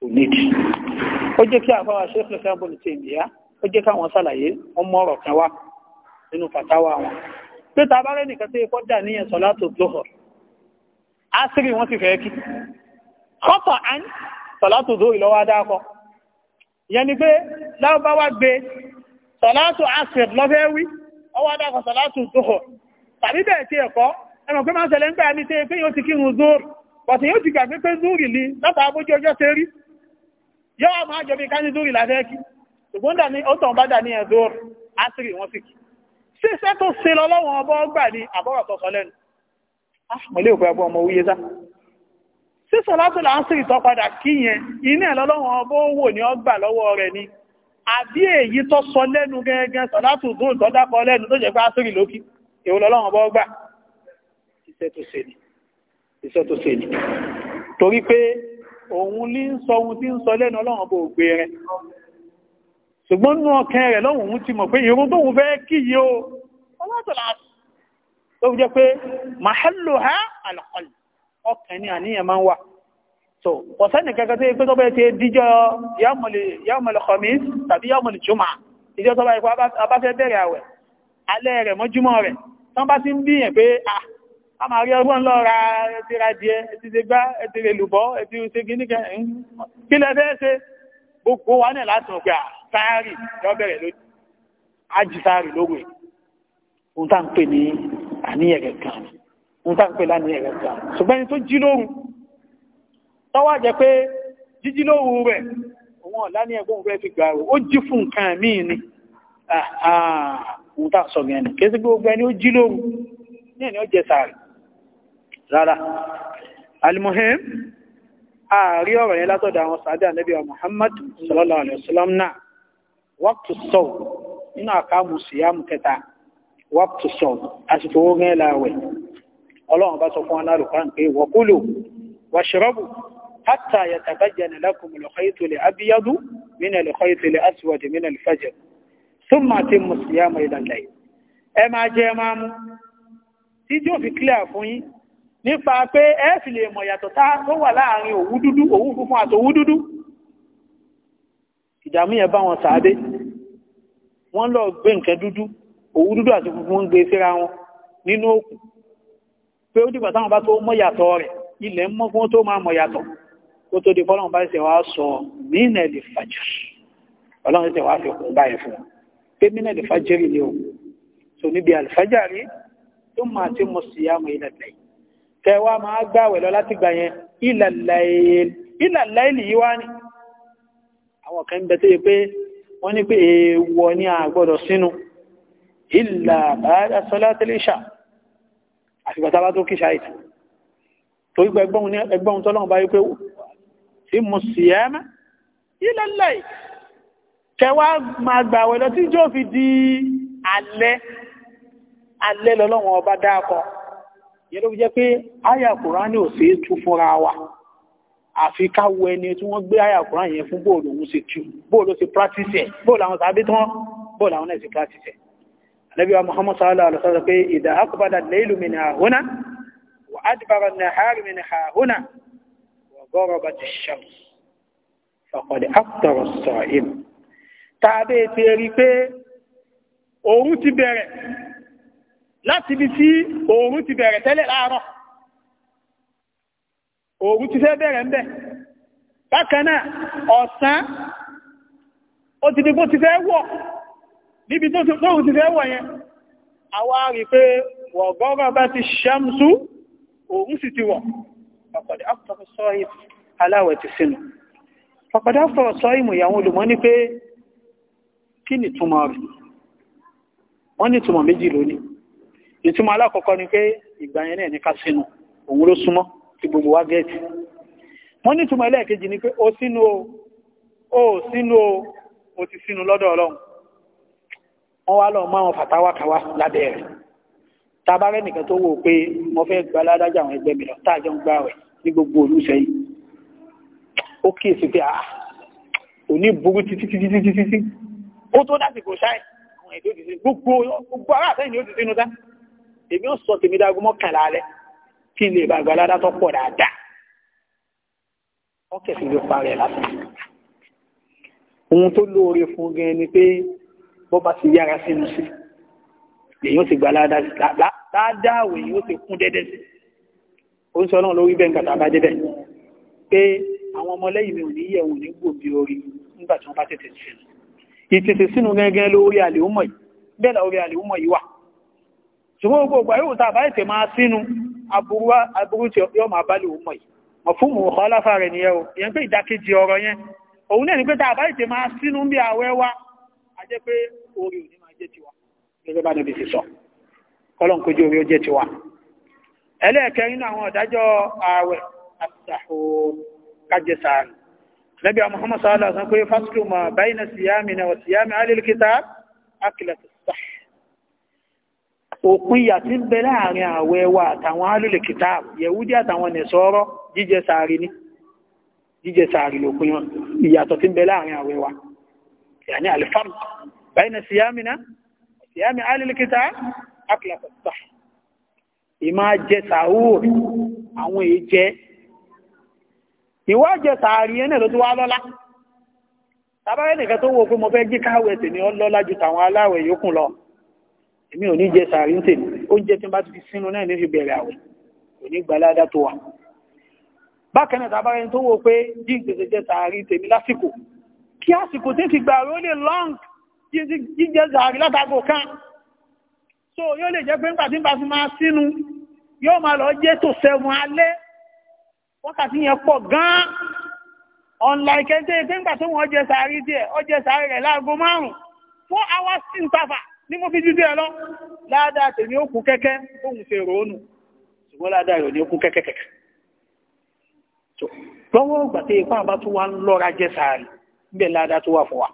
kò nídìí ó jẹ́ kí àbáwá Sheikh Islam bọ́ọ̀lù ti ìmìyá ó jẹ́ káwọn sàlàyé wọn mọ ọ̀rọ̀ kan wá nínú fàtàwà wọn pé ta bá rẹ́nìkan tí ikọ́ dà níyẹn sọ látò dóhọ̀ àṣírí wọn sì fẹ́ kí kọ́tọ̀ án sọ̀látò dóhì lọ́wọ́ adákọ́ ìyẹn ni pé lábáwá gbé sọ̀látò àṣírí lọ́fẹ́ wí ọwọ́ adákọ́ sọ̀látò dóhọ̀ tàbí bẹ́ẹ̀ tí ẹ̀kọ́ ẹmọ̀ pé máa ń ṣẹlẹ̀ ń gbà ní tí pé yóò ti kírun zóòrì bọ̀tí yóò ti gbàgbé pé zóòrì ni látà abójú ọjọ́ ṣe rí yóò máa jọ bí ká ní dúrì láfẹ́ kí ṣùgbọ́n dà ní ọ̀tọ̀ bá dà ní ẹ̀zọ́ àṣírí wọn sì kí ṣíṣẹ́ tó ṣe lọ lọ́wọ́ ọbọ̀ gbà ní àbọ̀rọ̀ tọ̀sọ̀ lẹ́nu mọ̀lẹ́ òpin ọgbọ́n ọmọ wúyé sá sísọ látò là ń sì ìtọ́ padà kí yẹn iná ẹ̀ ni àbí èyí tó sọ lẹ́nu gẹ́gẹ́ sọ látò dúró tó dákọ̀ lẹ́nu tó jẹ́ torí pé òun ní ń sọ ohun tí ń sọ lẹ́nu ọlọ́run bó gbé rẹ̀ ṣùgbọ́n nú ọkẹ́ rẹ̀ lọ́wọ́ òun ti mọ̀ pé irun tó wù fẹ́ kí yí o ọlọ́tọ̀lá tó jẹ́ pé mahallu ha alqal ọkàn ni àníyàn máa ń wà so ọ̀sẹ́nì kankan tó yẹ pé tó bẹ́ẹ̀ ti díjọ yawmul khamis tàbí yawmul juma ìjọ tó bá yẹ pé a a máa rí ọgbọ́n lọ ra ẹtì ra díẹ̀ ẹtì ṣe gbá ẹtì lè lùbọ́ ẹtì ṣe gíní kẹ kí lẹ fẹ́ ṣe gbogbo wa náà láti òkè sáárì yọ bẹ̀rẹ̀ lójú ájì sáárì lówó ẹ̀ ohun tá à ń pè ní àníyàn kẹkàn ni ohun tá à ń pè láníyàn kẹkàn ṣùgbọ́n ẹni tó jí lóru tọ́wọ́ jẹ pé jíjí lóru rẹ̀ òun ọ̀la ní ẹgbọ́n fẹ́ fi gbà rò ó jí fún nǹkan míì ni ń sọ yẹn ni kí ẹ ẹni ó jí lóru ní ẹni ó jẹ sáárì rárá almuhim ààrí ọ̀rọ̀ yẹn látọ̀dọ̀ àwọn sàádé ànábì wa Muhammad sallallahu alaihi wasallam náà waqtu sawm nínú àkáàmù síyàmù kẹta waqtu sawm àsìkò ogun ẹ̀ láàwẹ̀ ọlọ́run bá sọ fún alárùkán pé waqulu washrabu hatta yatabayyana lakum al-khaytu al-abyadu min al-khayti al-aswadi min al-fajr thumma atimmu siyama ila al-layl ẹ máa jẹ máa mú tí tí ó fi kílẹ̀ fún yín nípa pé ẹ fi lè mọ̀ yàtọ̀ tá tó wà láàrin òwú dúdú òwú funfun àti òwú dúdú ìdàmú yẹn bá wọn sàádé wọ́n lọ gbé nǹkan dúdú òwú dúdú àti funfun ń gbé síra wọn nínú òkú pé ó dìgbà táwọn bá tó mọ̀ yàtọ̀ rẹ̀ ilẹ̀ mọ́ fún tó máa mọ̀ yàtọ̀ kó tó di fọ́lọ́run bá ṣe wá sọ mínà lè ọlọ́run ṣe wá fi kún báyìí fún pé mínà lè ni o so níbi àlìfàjẹ́ rí tó máa ti mọ̀ sí àmọ́ ilẹ̀ lẹ́yìn kẹwàá máa gbàwẹ̀ lọ láti gbà yẹn ìlàláìlì yíwá ni àwọn kan bẹ̀ tó yẹ pé wọ́n ní pé èèwọ̀ ní àgbọ́dọ̀ sínú ìlà bàádà sọ́látẹ́lẹ́ṣà àfìgbàtàbá tó kí ṣáìtì alẹ́ alẹ́ ọba dákọ̀ọ́ yẹ́lú jẹ́ pé àyà kùránì ò sí tú fúnra wa àfi ká wo ẹni tí wọ́n gbé àyà kùránì yẹn fún bóòlù òun sì tú bóòlù sì practice ẹ̀ bóòlù àwọn sàábí tán bóòlù àwọn náà sì practice ẹ̀ Ànábì wa Muhammad sallallahu alaihi wasallam pé idha láti ibi tí òòrùn ti bẹ̀rẹ̀ tẹ́lẹ̀ láàárọ̀ òòrùn ti fẹ́ bẹ̀rẹ̀ ń bẹ̀ bákan náà ọ̀sán ó ti di bó ti fẹ́ wọ̀ níbi tó tóòrùn ti fẹ́ wọ̀ yẹn àwa rí pé wọ̀gọ́rọ̀ bá ti ṣàmsú òòrùn sì ti wọ̀ ọ̀pọ̀dé ọ̀pọ̀rọ̀ sọ́ọ̀yì aláwẹ̀ ti sínú ọ̀pọ̀dé ọ̀pọ̀rọ̀ sọ́ọ̀yì mọ̀ ìyàwó olùmọ́ ní pé kí ni túmọ̀ rẹ̀ wọ́n ní túmọ̀ méjì lónìí ìtumọ̀ alákọ̀ọ́kọ́ ni pé ìgbà yẹn náà ní ká sínú òun ló súnmọ́ tí gbogbo wa gẹ̀ẹ́tì wọ́n ní ìtumọ̀ ẹlẹ́ẹ̀kejì ni pé ó sínú o ó sínú o ó ti sínú lọ́dọ̀ ọlọ́run wọ́n wá lọ máa wọn fàtàwákàwá lábẹ́ rẹ̀ tabarẹ́ nìkan tó wò pé mo fẹ́ gba aládájà àwọn ẹgbẹ́ mi lọ táàjọ ń gbà rẹ̀ ní gbogbo olùsẹ́ yìí ó kíyèsí pé àà ah, òní burú títí títí títí títí ó tó dásìkò ṣáì àwọn èdè òdìsí gbogbo ará àtẹ́yìn ni ó ti sínú sáà èmi ò sọ tèmi dágún mọ́kànlá alẹ́ kí n lè bá àgbà ládá tó pọ̀ dáadáa ọkẹ̀ sí ló parẹ́ lásán ohun tó lóore fún gan ni pé bó bá ti yára sínú sí èyí ó ti gbà ládá dáadáa òwe yìí ó ti kún dẹ́dẹ́ sí ó ń sọ náà lórí bẹ́ẹ̀ nǹkan tàbá débẹ̀ pé àwọn ọmọlẹ́yìn mi ò ní yẹ̀wò ní gbòbí orí nígbà tí wọ́n bá tètè sínú ìtètè sínú gẹ́gẹ́ lórí àlè ó mọ̀ yìí bẹ́ẹ̀ lórí àlè ó mọ̀ yìí wà ṣùgbọ́n gbogbo àyíwò tá àbá ètè máa sínú aburú tí yọ máa bá lè mọ̀ yìí mọ̀ fún mọ̀ ọ̀họ́ láfà rẹ̀ nìyẹn o ìyẹn pé ìdákejì ọ̀rọ̀ yẹn òun náà ní pé tá àbá ètè máa sínú bí àwẹ́ wa a pé orí òní máa jẹ́ tiwa gẹ́gẹ́ bá níbi sísọ kọ́lọ́n kojú orí ó jẹ́ tiwa ẹlẹ́ẹ̀kẹrin nínú àwọn ọ̀dájọ́ ààwẹ̀ àtàkò kájẹsàárì Nabi Muhammad òpin tí ń bẹ láàrin àwẹ̀ wa àtàwọn alólèkìtà yẹ̀wúdí àtàwọn nẹ̀sọ́rọ́ jíjẹ sàárì ní jíjẹ sàárì lòpin wọn ìyàtọ̀ tí ń bẹ láàrin àwẹ̀ wa yàní alifam báyìí na siyami na siyami alólèkìtà akìlàkọ̀tà ìmá jẹ àwọn ìwá jẹ sàárì ló ti wá lọ́lá nìkan tó mo fẹ́ ọlọ́lá ju tàwọn aláwẹ̀ lọ èmi ò ní jẹ sàárì ń tèmi oúnjẹ tí n bá ti fi sínú náà ní fi bẹ̀rẹ̀ àwẹ̀ kò ní gbà ládá tó wà bákan náà tàbára ẹni tó wò pé bí ìgbèsè jẹ sàárì tèmi lásìkò kí àsìkò tí fi gbà ró lè long jíjẹ sàárì látàgò kan so yóò lè jẹ pé nígbà tí n bá fi máa sínú yóò máa lọ jẹ tó sẹwọn alẹ́ wákàtí yẹn pọ̀ gan-an unlike ẹni tó yẹ wọn jẹ sàárì díẹ̀ ó jẹ sàárì rẹ̀ láago márùn-ún four hours in interval ní mo fi jíjẹ́ e lọ ládàá tèmi ó kú kẹ́kẹ́ bóun ṣe ròónù ṣùgbọ́n ládàá rẹ̀ ni ó kú kẹ́kẹ́ kẹ́kẹ́ lọ́wọ́ ìgbà tí ipá bá tún wá ń lọ́ra jẹ́ sàárì níbẹ̀ ládàá tó wà fún wa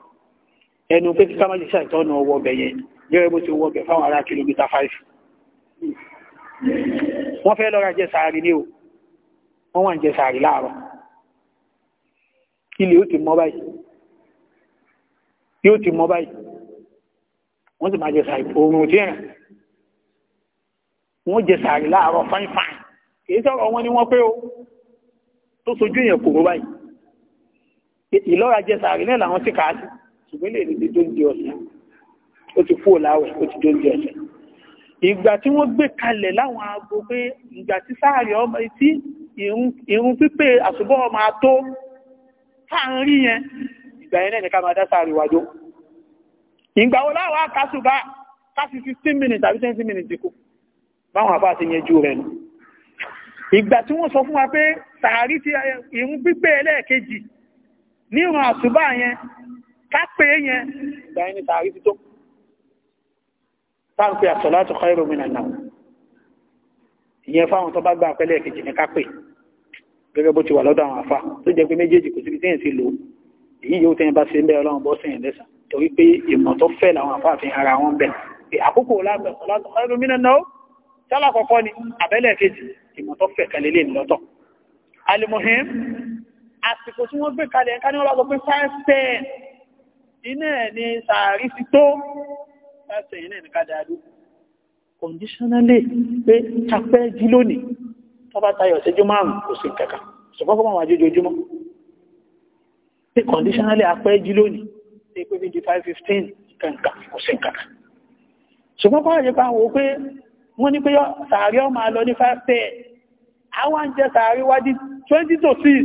ẹnu pé kíkà máa ṣiṣẹ́ ìtọ́nà ọwọ́ ọbẹ̀ yẹn gẹ́gẹ́ bó ti wọ ọbẹ̀ fáwọn ará kìlómítà 5 wọ́n fẹ́ lọ́ra jẹ́ sàárì ní o wọ́n wà ń jẹ sàárì láàárọ̀ ilé ó ti mọ́ báyìí yóò ti mọ́ báyìí wọ́n sì máa jẹ sàárì oòrùn òtí ẹ̀rìn wọ́n jẹ sàárì láàárọ̀ fáìfáì kìí sọ̀rọ̀ wọn ni wọ́n pé o tó sojú èèyàn kò báyìí ìlọ́ra jẹ sàárì náà làwọn sì kàá sí ṣùgbọ́n lè lè tó ń di ọ̀sẹ̀ ó ti kú òláwẹ̀ ó ti tó ń di ọ̀sẹ̀ ìgbà tí wọ́n gbé kalẹ̀ láwọn aago pé ìgbà tí sàárì ọmọ tí irun pípé àṣùbọ̀ máa tó táà ń rí yẹn ìgbà yẹn náà ní ká máa dá sàárì wájú ìgbà wo láwọ́ akásùbá kásì 15 minutes tàbí 20 minutes dìkú báwọn àbá ti yẹjú rẹ̀ nù ìgbà tí wọ́n sọ fún wa pé tààrí ti ìrun pípé ẹlẹ́ẹ̀kejì ní ìrun àsùbá yẹn kápé yẹn ìgbà yẹn ni tààrí ti tó táǹpé àsọ̀látù khairu minan nawm ìyẹn fáwọn tó bá gbà pẹ́lẹ́ ẹ̀kejì ní kápé gẹ́gẹ́ bó ti wà lọ́dọ̀ àwọn àfà tó jẹ́ pé méjèèjì kò síbi téèyàn sí lò èyí yóò tẹ́yìn bá ṣe ń bẹ́ ọlọ́run bọ́ sẹ́yìn lẹ́sàn torí pé ìmọ̀ tó fẹ́ làwọn àfáàfin ara wọn bẹ̀ àkókò lábẹ̀sọ̀lá alimohim àsìkò tí wọ́n gbé kalẹ̀ ká ní wọ́n bá sọ pé five ten ni sàárì sí tó five ni ká conditionally pé tapẹ́ jí lónìí tó bá tayọ̀ ṣẹ́jú márùn-ún kò sí kẹ̀kà ṣùgbọ́n kọ́ máa jójoojúmọ́ pé conditionally apẹ́ jí lónìí ṣe pé bíi di five fifteen kankan kò sí nǹkan ṣùgbọ́n kọ́ ọ̀yẹ́ kan wò ó pé wọ́n ní pé sàárì ọmọ àlọ́ ní five ten àwọn ń jẹ sàárì wá di twenty to six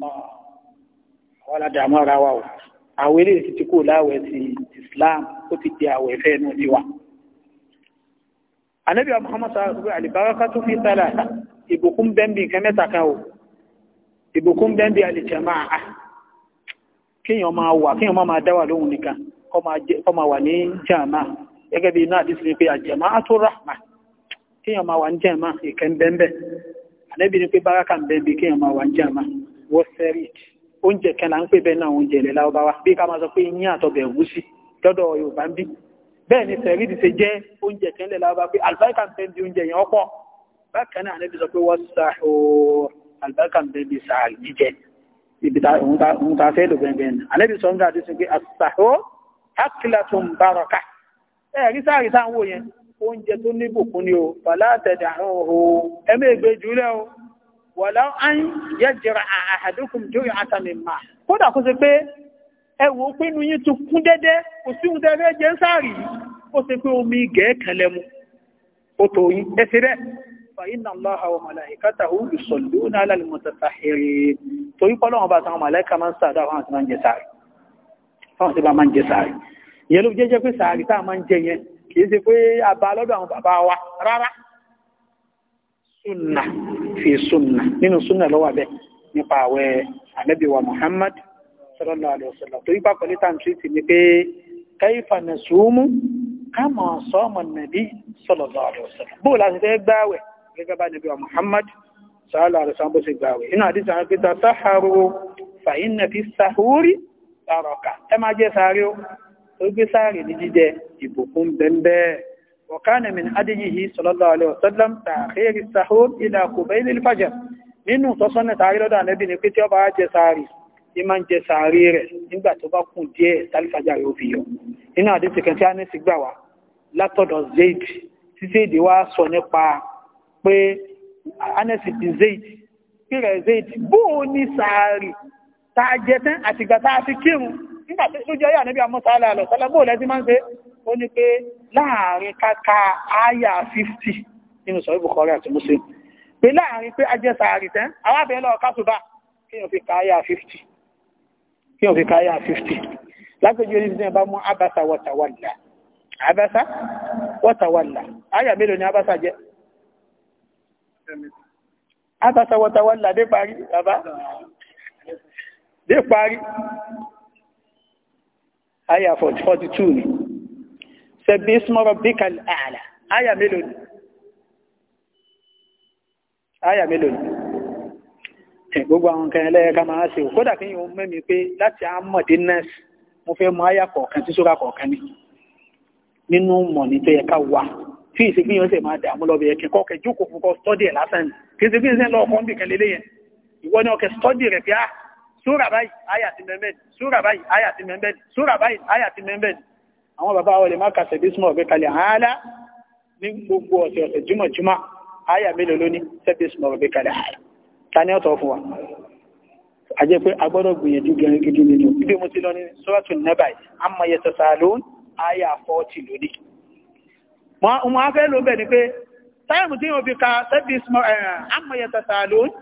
àwọn aládàámú ara wa o àwọn eléyìí ti kú láwẹ̀ ti Islam ó ti di àwẹ̀ fẹ́ inú tiwa anabi Muhammad sallallahu alibarakatu fi salasa ìbùkún bẹ́ẹ̀ bí nǹkan mẹ́ta kan o ìbùkún bẹ́ẹ̀ bí alìjẹmáà kíyàn máa wà kíyàn máa máa dáwà lóhun nìkan kọ́ máa wà ní jàmá gẹ́gẹ́ bí iná àdísì ní pé àjẹ̀má á tó ràmà kíyàn máa wà ní jàmá ìkẹ́ ń bẹ́ńbẹ́ àlẹ́bí ni pé báràkà ń bẹ́ẹ̀ bí kíyàn máa wà ní jàmá wọ́n sẹ́rì oúnjẹ kan là ń pè bẹ́ẹ̀ náà oúnjẹ ilẹ̀ láwọ́báwá bí ká máa sọ pé iyín àtọbẹ̀ ẹ̀gúsí lọ́dọ̀ Yorùbá ń bí bẹ́ẹ̀ ni sẹ́rì ti ṣe jẹ́ oúnjẹ kan lẹ̀ láwọ́bá pé àlùbáríkà ń bẹ́ẹ̀ bí oúnjẹ yẹn ọ̀pọ̀ bákan náà àlẹ́bí sọ pé wọ́n sàhóòrò àlùbáríkà ń bẹ́ẹ̀ sàárì jíjẹ ibi òun ta fẹ́ lò gbẹ̀ngbẹ̀ ní alẹ́bí sọ nígbà tí ó pé àṣàhó hakilatun baraka ẹ̀rí sáàrí sáàwò yẹn oúnjẹ tó ní bùkún ni o wàlá tẹ̀dà ọ̀họ̀ ẹmẹ́ ìgbé jùlẹ̀ o wàlá án yẹ jẹrà àhàdùkùn tó yà àtàmì mà kódà kó ṣe pé ẹwù pínu yín tó kún dẹ́dẹ́ kò sí oúnjẹ fẹ́ jẹ́ sáàrí kó ṣe pé omi gẹ̀ẹ́kẹ̀lẹ́mu ó tó yín ẹsẹ̀ bẹ́ẹ̀ fàyínà Allaha wa malaikatahu yusalluna ala al-mutatahhirin torí pọ́lọ́wọ́n bá táwọn màláìka máa ń sàdá àwọn àti máa ń jẹ sàárì fáwọn sí bá máa ń jẹ sàárì ìyẹn ló jẹ́jẹ́ pé sàárì táà máa ń jẹ yẹn kì í ṣe pé a bá lọ́dọ̀ àwọn bàbá wa rárá sunna fi sunna nínú sunna lọ́wọ́ bẹ́ẹ̀ nípa àwẹ̀ ànábì wa Muhammad sallallahu alaihi wasallam torí pàpọ̀ ní tàǹtì ti ní pé kaifa nasumu kama sama nabi sallallahu alaihi wasallam bóòlù àti fẹ́ gbáwẹ̀ gẹ́gẹ́ bá níbi wa Muhammad sallallahu alaihi wasallam bó ṣe gbà wẹ̀ inú àdìsí àwọn pé tasaharu fa inna fi sahuri baraka ẹ máa jẹ sáré o tó gbé sáré ní jíjẹ ìbùkún bẹ́ẹ̀ وكان من أديه صلى الله عليه وسلم تأخير السحور إلى قبيل الفجر nínú tọ́sọ́nà tààrí lọ́dọ̀ ànẹ́bì ní pé tí ó bá jẹ sàárì ní máa ń jẹ sàárì rẹ̀ nígbà tó bá kún díẹ̀ tàlífàjà pé anẹ́sì ti zayd kílẹ̀ zayd bóò ní sàárì tá a jẹ tán àtìgbà tá a fi kírun nígbà tó lójú ayé ànábì àmọ́sá àlọ́ sọ́lá bóò lẹ́sí máa ń ṣe ó ní pé láàrin káka àyà 50 nínú sọ̀rọ̀ Bukhari àti Muslim pé láàrin pé a jẹ sàárì tán àwọn àbẹ̀ lọ kásùbà kíyàn fi káyà 50 50 lápẹjú orí bá mú abasa wọ́tawàlá abasa wọ́tawàlá àyà mélòó ni abasa jẹ́ Àtàtàwọ̀tàwọ̀là dé parí, bàbá. Dé parí. Aya 42 ni. Sẹ̀bí Ismọ́rọ̀ Bíkà Àlà. Aya mélòó ni? Aya mélòó ni? Gbogbo àwọn nǹkan ẹlẹ́yẹ ká máa ṣe. Kódà kí yíò mẹ́mi pé láti àmọ̀dé nọ́ọ̀sì, mo fẹ́ mọ aya kọ̀ọ̀kan tí sóra tí ìsìnkíyàn sì máa dààmú lọ́bẹ̀ ẹ̀kẹ́ kọ́kẹ́ jókòó fún kọ́ stọ́dì ẹ̀ lásán kí ìsìnkíyàn sì ń lọ ọkọ̀ ń bì kan lélẹ́yẹn ìwọ ni ọkẹ́ stọ́dì rẹ̀ pé á ah, súrà báyìí àyà ti mẹ́mẹ́ni súrà báyìí àyà ti mẹ́mẹ́ni súrà báyìí àyà ti mẹ́mẹ́ni àwọn bàbá wa lè má kàṣẹ̀ bí súnmọ̀ ọ̀gbẹ́ kalẹ̀ àálá ní gbogbo ọ̀sẹ̀ ọ̀sẹ̀ jùmọ̀jùmọ̀ àyà mélòó lóní sẹ́bí súnmọ̀ ọ̀gbẹ́ kalẹ̀ àálá ta ni wọ́n elu afẹ́ ló bẹ̀ ni pé táìmù tí wọ́n fi ka sẹ́bí amọ̀yẹ̀tẹ̀tà lónìí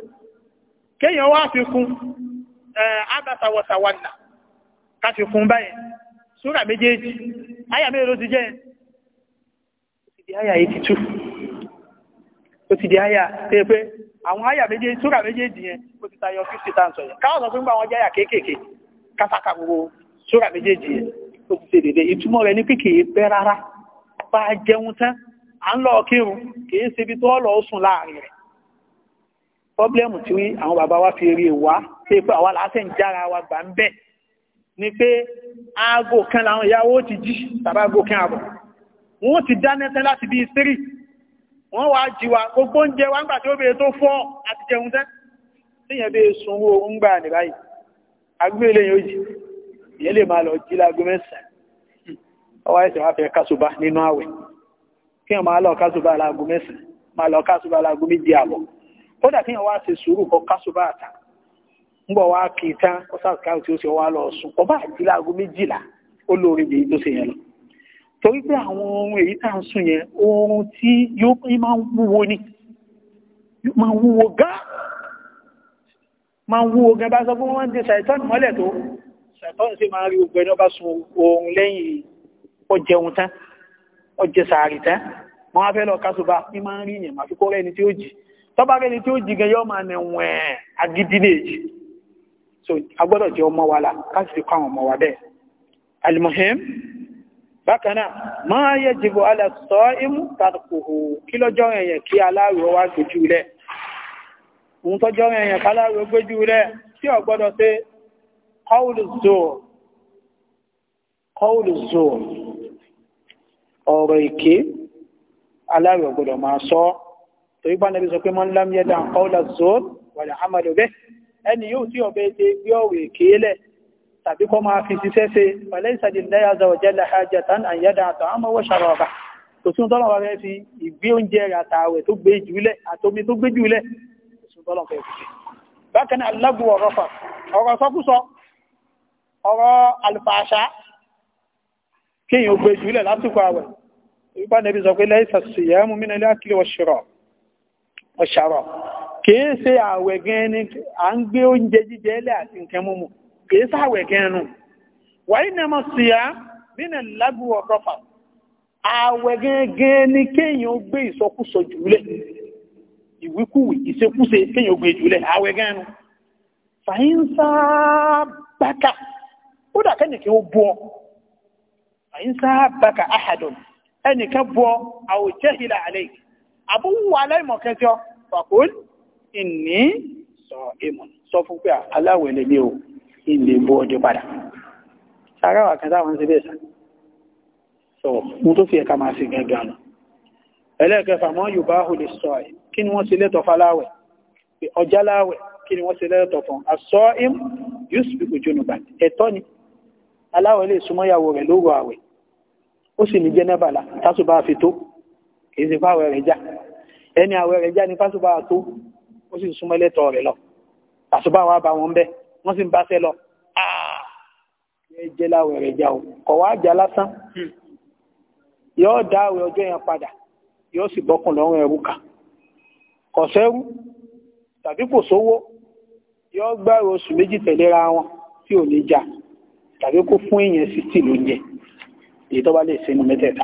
kéèyàn wá ya kún fi kún báyìí súrà méjèèjì àyà mélòó ló ti jẹ́ ó ti di àyà yìí ó pé àwọn àyà méjèèjì súrà yẹn ó ti tayọ 50 tàǹsọ̀ káwọn sọ pé ń bá wọn kéékèèké gbogbo yẹn ti ṣe dédé ìtumọ̀ ní pa jẹun tán à ń lọ kírun kìí ṣe ibi tó lọ sùn láàrin rẹ̀ pọ́blẹ́mù tí àwọn bàbá wa fi rí wá pé pé àwa làásẹ̀ ń jára wa gbà ń bẹ̀ ni pé aago kan làwọn ìyàwó ti jí tàbí aago kan àbọ̀ wọ́n ti dáná tán láti bíi three wọ́n wá jí wa gbogbo oúnjẹ wa nígbà tí ó bèèrè tó fọ́ àti jẹun tán tíyẹn bí sunwó ń gbà ní báyìí agbélé yóò jí ìyẹn lè máa lọ jí láago mẹ́sàn-án ọwá ẹ̀sẹ̀ wá fẹ́ kásùbá nínú àwẹ̀ kí wọ́n máa lọ kásùbá aláàgó mẹ́sàn máa lọ kásùbá aláàgó méjì àbọ̀ kódà kí wọ́n wá ṣe sùúrù kọ kásùbá àtà ń bọ̀ wá kì í tán ó sàkáwì tí ó ṣe wá lọ sùn kọ bá àti láàgó méjìlá ó lóore èyí tó ṣe yẹn lọ torí pé àwọn ohun èyí tá à ń sùn yẹn oorun tí yóò máa ń wúwo ni máa ń wúwo gán máa ń wúwo gán bá sọ pé wọ́n ń ṣàìtọ́nù mọ́lẹ̀ tó ṣàìtọ́nù sí máa rí ogun ẹni ọba sun oorun lẹ́yìn Ọ jẹun tán ó jẹ sàárì tán wọn wá fẹ́ lọ kásùbà ní máa ń rí yẹn màfi kó rẹni tí ó jì tọ́ba rẹni tí ó jì gan yóò máa nẹ wẹ̀ẹ́ agídíléèjì so agbọ́dọ̀ jẹ́ ọmọ wa la kọ́ àwọn ọmọ wa bẹ́ẹ̀ bákan náà máa yẹ jìbò alẹ́ sọ imú tàkùhù kí lọ́jọ́ ẹ̀yẹ̀ kí aláàrùn wá gbójú rẹ̀ òun tọ́jọ́ ẹ̀yẹ̀ kí aláàrùn gbójú rẹ̀ tí kọ́ùlù ọ̀rọ̀ èké aláwẹ̀ gbọdọ̀ máa sọ torí bá nàbí sọ pé man lam yada qawla zur wal amalu bih ẹni yóò tí ọ̀bẹ ti gbé ọ̀rọ̀ èké lẹ̀ tàbí kọ́ máa fi ṣiṣẹ́ ṣe falaysa wa jalla hajatan an yada'a ta'amahu wa sharabahu kò sí tọ́lọ̀ wà fẹ́ fi ìgbé oúnjẹ rẹ̀ àtàwẹ̀ tó gbé jùlẹ̀ àtomi tó gbé jùlẹ̀ kíyàn ó gbé jùlẹ̀ lásìkò àwẹ̀ ìpá nẹ́bí sọ pé lẹ́yìn sàṣìyà mú mínà ilé àkílẹ̀ ọ̀ṣàrọ̀ kìí ṣe àwẹ̀ gan ni à ń gbé oúnjẹ jíjẹ ilẹ̀ àti nǹkan múmu kìí ṣe àwẹ̀ gan nù wàyí nà mọ̀ síyà mínà lágùn ọ̀rọ̀fà àwẹ̀ gan ni kíyàn ìsọkúsọ jùlẹ̀ ìwíkúwì ìṣekúṣe kíyàn ó jùlẹ̀ àwẹ̀ gan nù fàyín ó dà kẹ́nìkì ó bú ọ àyín sáábàkà أحد ẹnìkan bọ أو ìlà àlẹ́ àbúwò aláìmọ̀ kẹjọ fàkún ìní sọ ìmọ̀ sọ fún pé aláwẹ̀ lè ní o ilé bọ́ ọdẹ padà sára wà kan táwọn ṣe bẹ́ẹ̀ sá sọ mú tó fi ẹ̀ka máa fi gẹ́gẹ́ nù ẹlẹ́ẹ̀kẹfà mọ́ yorùbá hù lè sọ ẹ̀ kí ni wọ́n ṣe lẹ́tọ̀ fáláwẹ̀ ọjà láwẹ̀ kí ni wọ́n ṣe lẹ́tọ̀ fún asọ́ im yusuf kò jónúbà ẹ̀tọ́ ni aláwẹ̀ lè súnmọ́ ìyàwó rẹ̀ lóru àwẹ̀ ó sì ní jẹ́nẹ́bàlá tásùbà fi tó kìí sí fáwẹ̀ rẹ̀ já ẹni àwẹ̀ rẹ̀ já ní fásùbà tó ó sì súnmọ́ lẹ́tọ̀ rẹ̀ lọ tásùbà wà bá wọn bẹ́ wọ́n sì ń báṣẹ́ lọ jẹ́ láwẹ̀ rẹ̀ já o kọ̀ wá já tàbí kó fún èèyàn sixty ló jẹ èyí tó bá lè ṣe nu mẹ́tẹ̀ẹ̀ta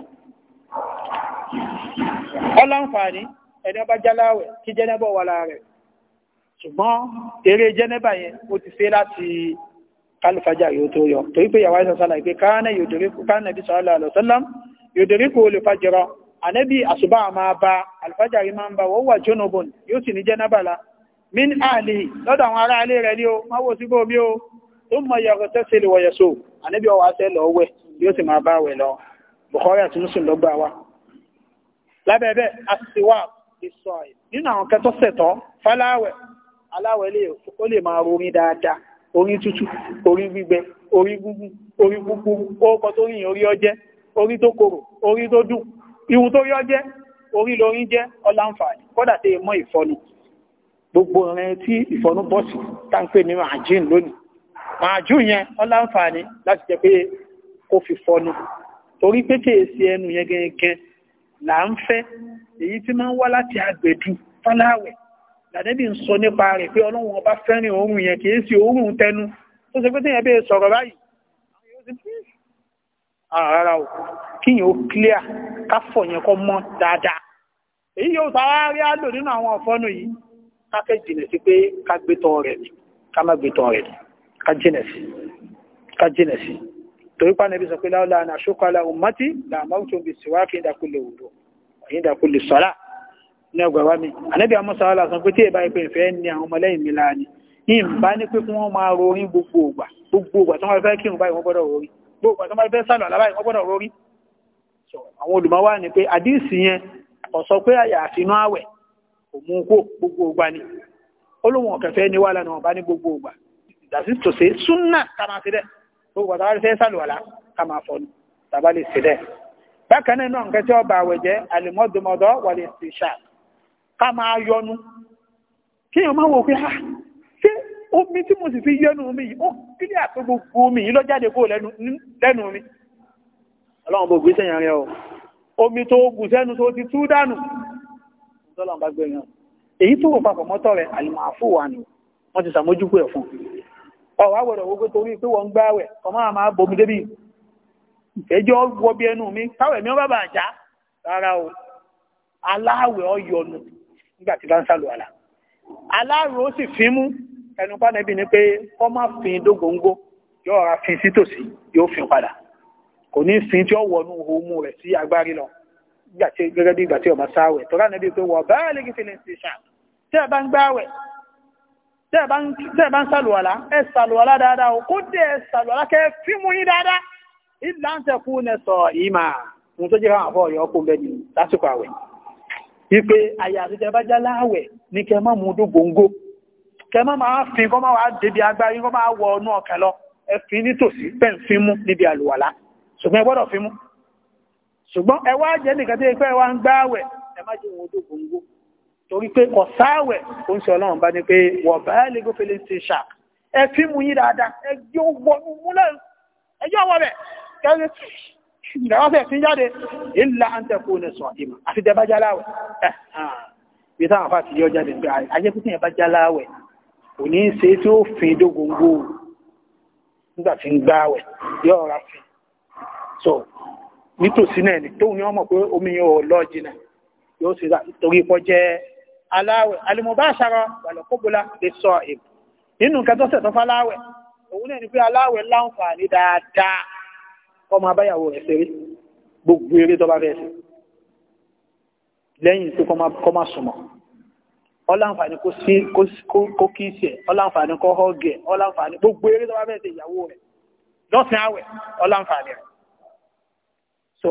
ọlọ́nfààní ẹni ọba jáláwẹ̀ kí jẹ́nẹ́bọ̀ wà lára rẹ̀ ṣùgbọ́n eré jẹ́nẹ́bà yẹn ó ti fẹ́ láti kálùfàjà yóò tó yọ torí pé yàwá ìsọ̀ sálà ìpé káánẹ̀ yòdòríkù sọ́lá àlọ́sọ́lám ànẹ́bí àṣùbà máa ba àlùfàjà máa ń ba wọ́n wà yóò sì ní jẹ́nẹ́bà min àlè lọ́dọ̀ àwọn ará alé rẹ̀ ní o máa wò síbò o ثم يغتسل ويصوم ànábì ọwọ́ aṣẹ́ lọ wẹ̀ yóò sì máa bá wẹ̀ lọ Bukhari àti Muslim ló gbà wá lábẹ́ẹ̀bẹ́ àṣìwà ìsọ̀ nínú àwọn kẹtọ́ sẹ̀tọ́ fáláwẹ̀ aláwẹ̀ ó lè máa rorí dáadáa orí tútù orí gbígbẹ orí gúngún orí gbogbo orúkọ tó rí orí ọjẹ́ orí tó korò orí tó dùn ihun tó rí ọjẹ́ orí lórí jẹ́ ọláǹfààní kódà tẹ́ mọ́ ìfọnu gbogbo rẹ̀ tí ìfọnu bọ́ọ̀sì táǹpé ní àjíǹ lónìí màájú yẹn ó láǹfààní láti jẹ́ pé kó fi fọnu torí pé kèèsì ẹnu yẹn gẹ́gẹ́ là ń fẹ́ èyí tí máa ń wá láti àgbẹ̀dù fáláwẹ̀ làdẹ́bì ń sọ nípa rẹ̀ pé ọlọ́run ọba fẹ́rin òórùn yẹn kèèsì òórùn tẹnu tó ṣe pé téèyàn bẹ́ẹ̀ sọ̀rọ̀ báyìí àrárá ah, o kíyàn ó clear káfọ̀ yẹn kọ́ mọ́ dáadáa yóò sọ pé ká rẹ̀ ká má gbé tọ́ kájínà sí torí pa nàbí sọ pé láwọ́lá àná àṣókọ́ alá ummati làmáwùtò bí síwáàkì ìdàkúlẹ̀ òdò ìdàkúlẹ̀ sọ́lá ní ọgbà wá mi ànábì àmọ́sà wà lásán pé tí èbá ìpè ìfẹ́ ní àwọn ọmọlẹ́yìn mi la yìí ń bá ní pé kí wọ́n máa rorí gbogbo ògbà gbogbo ògbà tó máa fẹ́ kírun báyìí wọ́n gbọ́dọ̀ rorí gbogbo ògbà tó máa fẹ́ sàlọ̀ alábáyìí wọ́n gbọ́dọ̀ rorí àwọn olùmọ̀ wà ní pé àdíìsì yẹn kò sọ pé àyà àfinú àwẹ̀ kò mú kó gbogbo ògbà ni ó lóun ọ̀kẹ̀fẹ́ ni wà lánàá ọ̀bá gbogbo ògbà dàsí tò sí súnà ká máa ṣe dẹ gbogbo àtàwọn àti fẹ́ sàlùwàlà ká máa fọ tàbá lè ṣe dẹ. bákan náà náà nǹkan tí ọba àwẹ̀ jẹ́ àlùmọ́dọmọdọ wà lè ṣe ṣá ká máa yọnu kí èèyàn máa wò pé ah, ṣé omi tí mo sì fi yọnu mi yìí ó kílẹ̀ àpé gbogbo omi yìí ló jáde kó mi. ọlọ́run bò gbé sẹ́yìn rẹ o omi tó gùn sẹ́nu tó ti tú dànù ọlọ́run bá gbé yàn èyí tó wò papọ̀ mọ́tọ́ rẹ̀ àlùmọ́ àfọwà ni wọ́n ti sàmójúkú ẹ̀ fún un. ọ̀wá wọ̀rọ̀ owó torí pé wọ́n ń gbáwẹ̀ ọmọ àmà bomi débi ìfẹ́jọ́ wọ bí ẹnu mi mi ó bàbà àjá rárá o aláwẹ̀ ọyọnu nígbà tí bá ń sálò àlà aláàrò sì fímú ẹnu pánẹ́bì ni pé kọ́ má fin dógóńgó yóò ra fi sítòsí yóò fin padà kò ní fin tí ó wọnú ohun rẹ̀ sí agbárí lọ gẹ́gẹ́ bí ìgbà tí ọmọ sáwẹ̀ pé wọ́n bá lè kí fi lè ṣe ṣà tí a bá ń tẹ́ ẹ̀ bá ń sàlùwàlá ẹ sàlùwàlá dáadáa kó dẹ̀ ẹ sàlùwàlá kẹ́ fíìmù yín dáadáa ìlà ń tẹ̀kú nẹ sọ ìmà mú tó jẹ́ àwọn ọ̀yọ́ kó bẹ́ẹ̀ ni lásìkò àwẹ̀ wípé àyà àti tẹ́bá já láàwẹ̀ ní kẹ má mú dó góńgó kẹ má máa fi kọ́ máa wà débi agbárí kọ́ máa wọ ọ̀nà ọ̀kẹ́ lọ ẹ fi nítòsí pẹ́ ń fi mú níbi àlùwàlá ṣùgbọ́n ẹ gbọ́dọ̀ fi mú ṣùgbọ́n ẹ wá jẹ́ nìkan tí ẹ pẹ́ wá ń gbáwẹ̀ ẹ má jẹ́ wọn dó góńgó torí pé kò sáwẹ̀ ó ń sọ ọlọ́run bá ní pé wọ̀ bá lè gbé fèlè ṣe ṣà ẹ fi mú yín dáadáa ẹ jẹ́ wọ múlẹ̀ ẹ jẹ́ wọ bẹ̀ kẹ́rẹ́ ìdáwọ́sẹ̀ fi jáde ìlà àǹtẹ̀kù ní sọ ìmọ̀ àti tẹ bá já láwẹ̀ ẹ̀ bí yọ jáde pé ajé pípín yẹn kò ní ṣe tí ó fin dógóńgó nígbà tí ń gbáwẹ̀ yọ ọ̀rá fin so nítòsí náà ni tóun ni wọ́n mọ̀ pé omi yẹn ò lọ jìnnà yóò ṣe torí pọ́ jẹ́ aláwẹ̀ alimubáṣara balẹ̀kóbólá lè sọ èbù nínú nǹkan tó sẹ̀tọ́ fáláwẹ̀ òun náà ni pé aláwẹ̀ láǹfààní dáadáa ọmọ abáyàwó rẹ̀ ṣeré gbogbo eré tó bá fẹ́ ṣe lẹ́yìn tó kọ́ máa sùnmọ̀ ọláǹfààní kó kí sí ẹ̀ ọláǹfààní kó họ́gẹ̀ ọláǹfààní gbogbo eré tó bá fẹ́ ṣe ìyàwó rẹ̀ lọ́sìn àwẹ̀ ọláǹfààní rẹ̀ so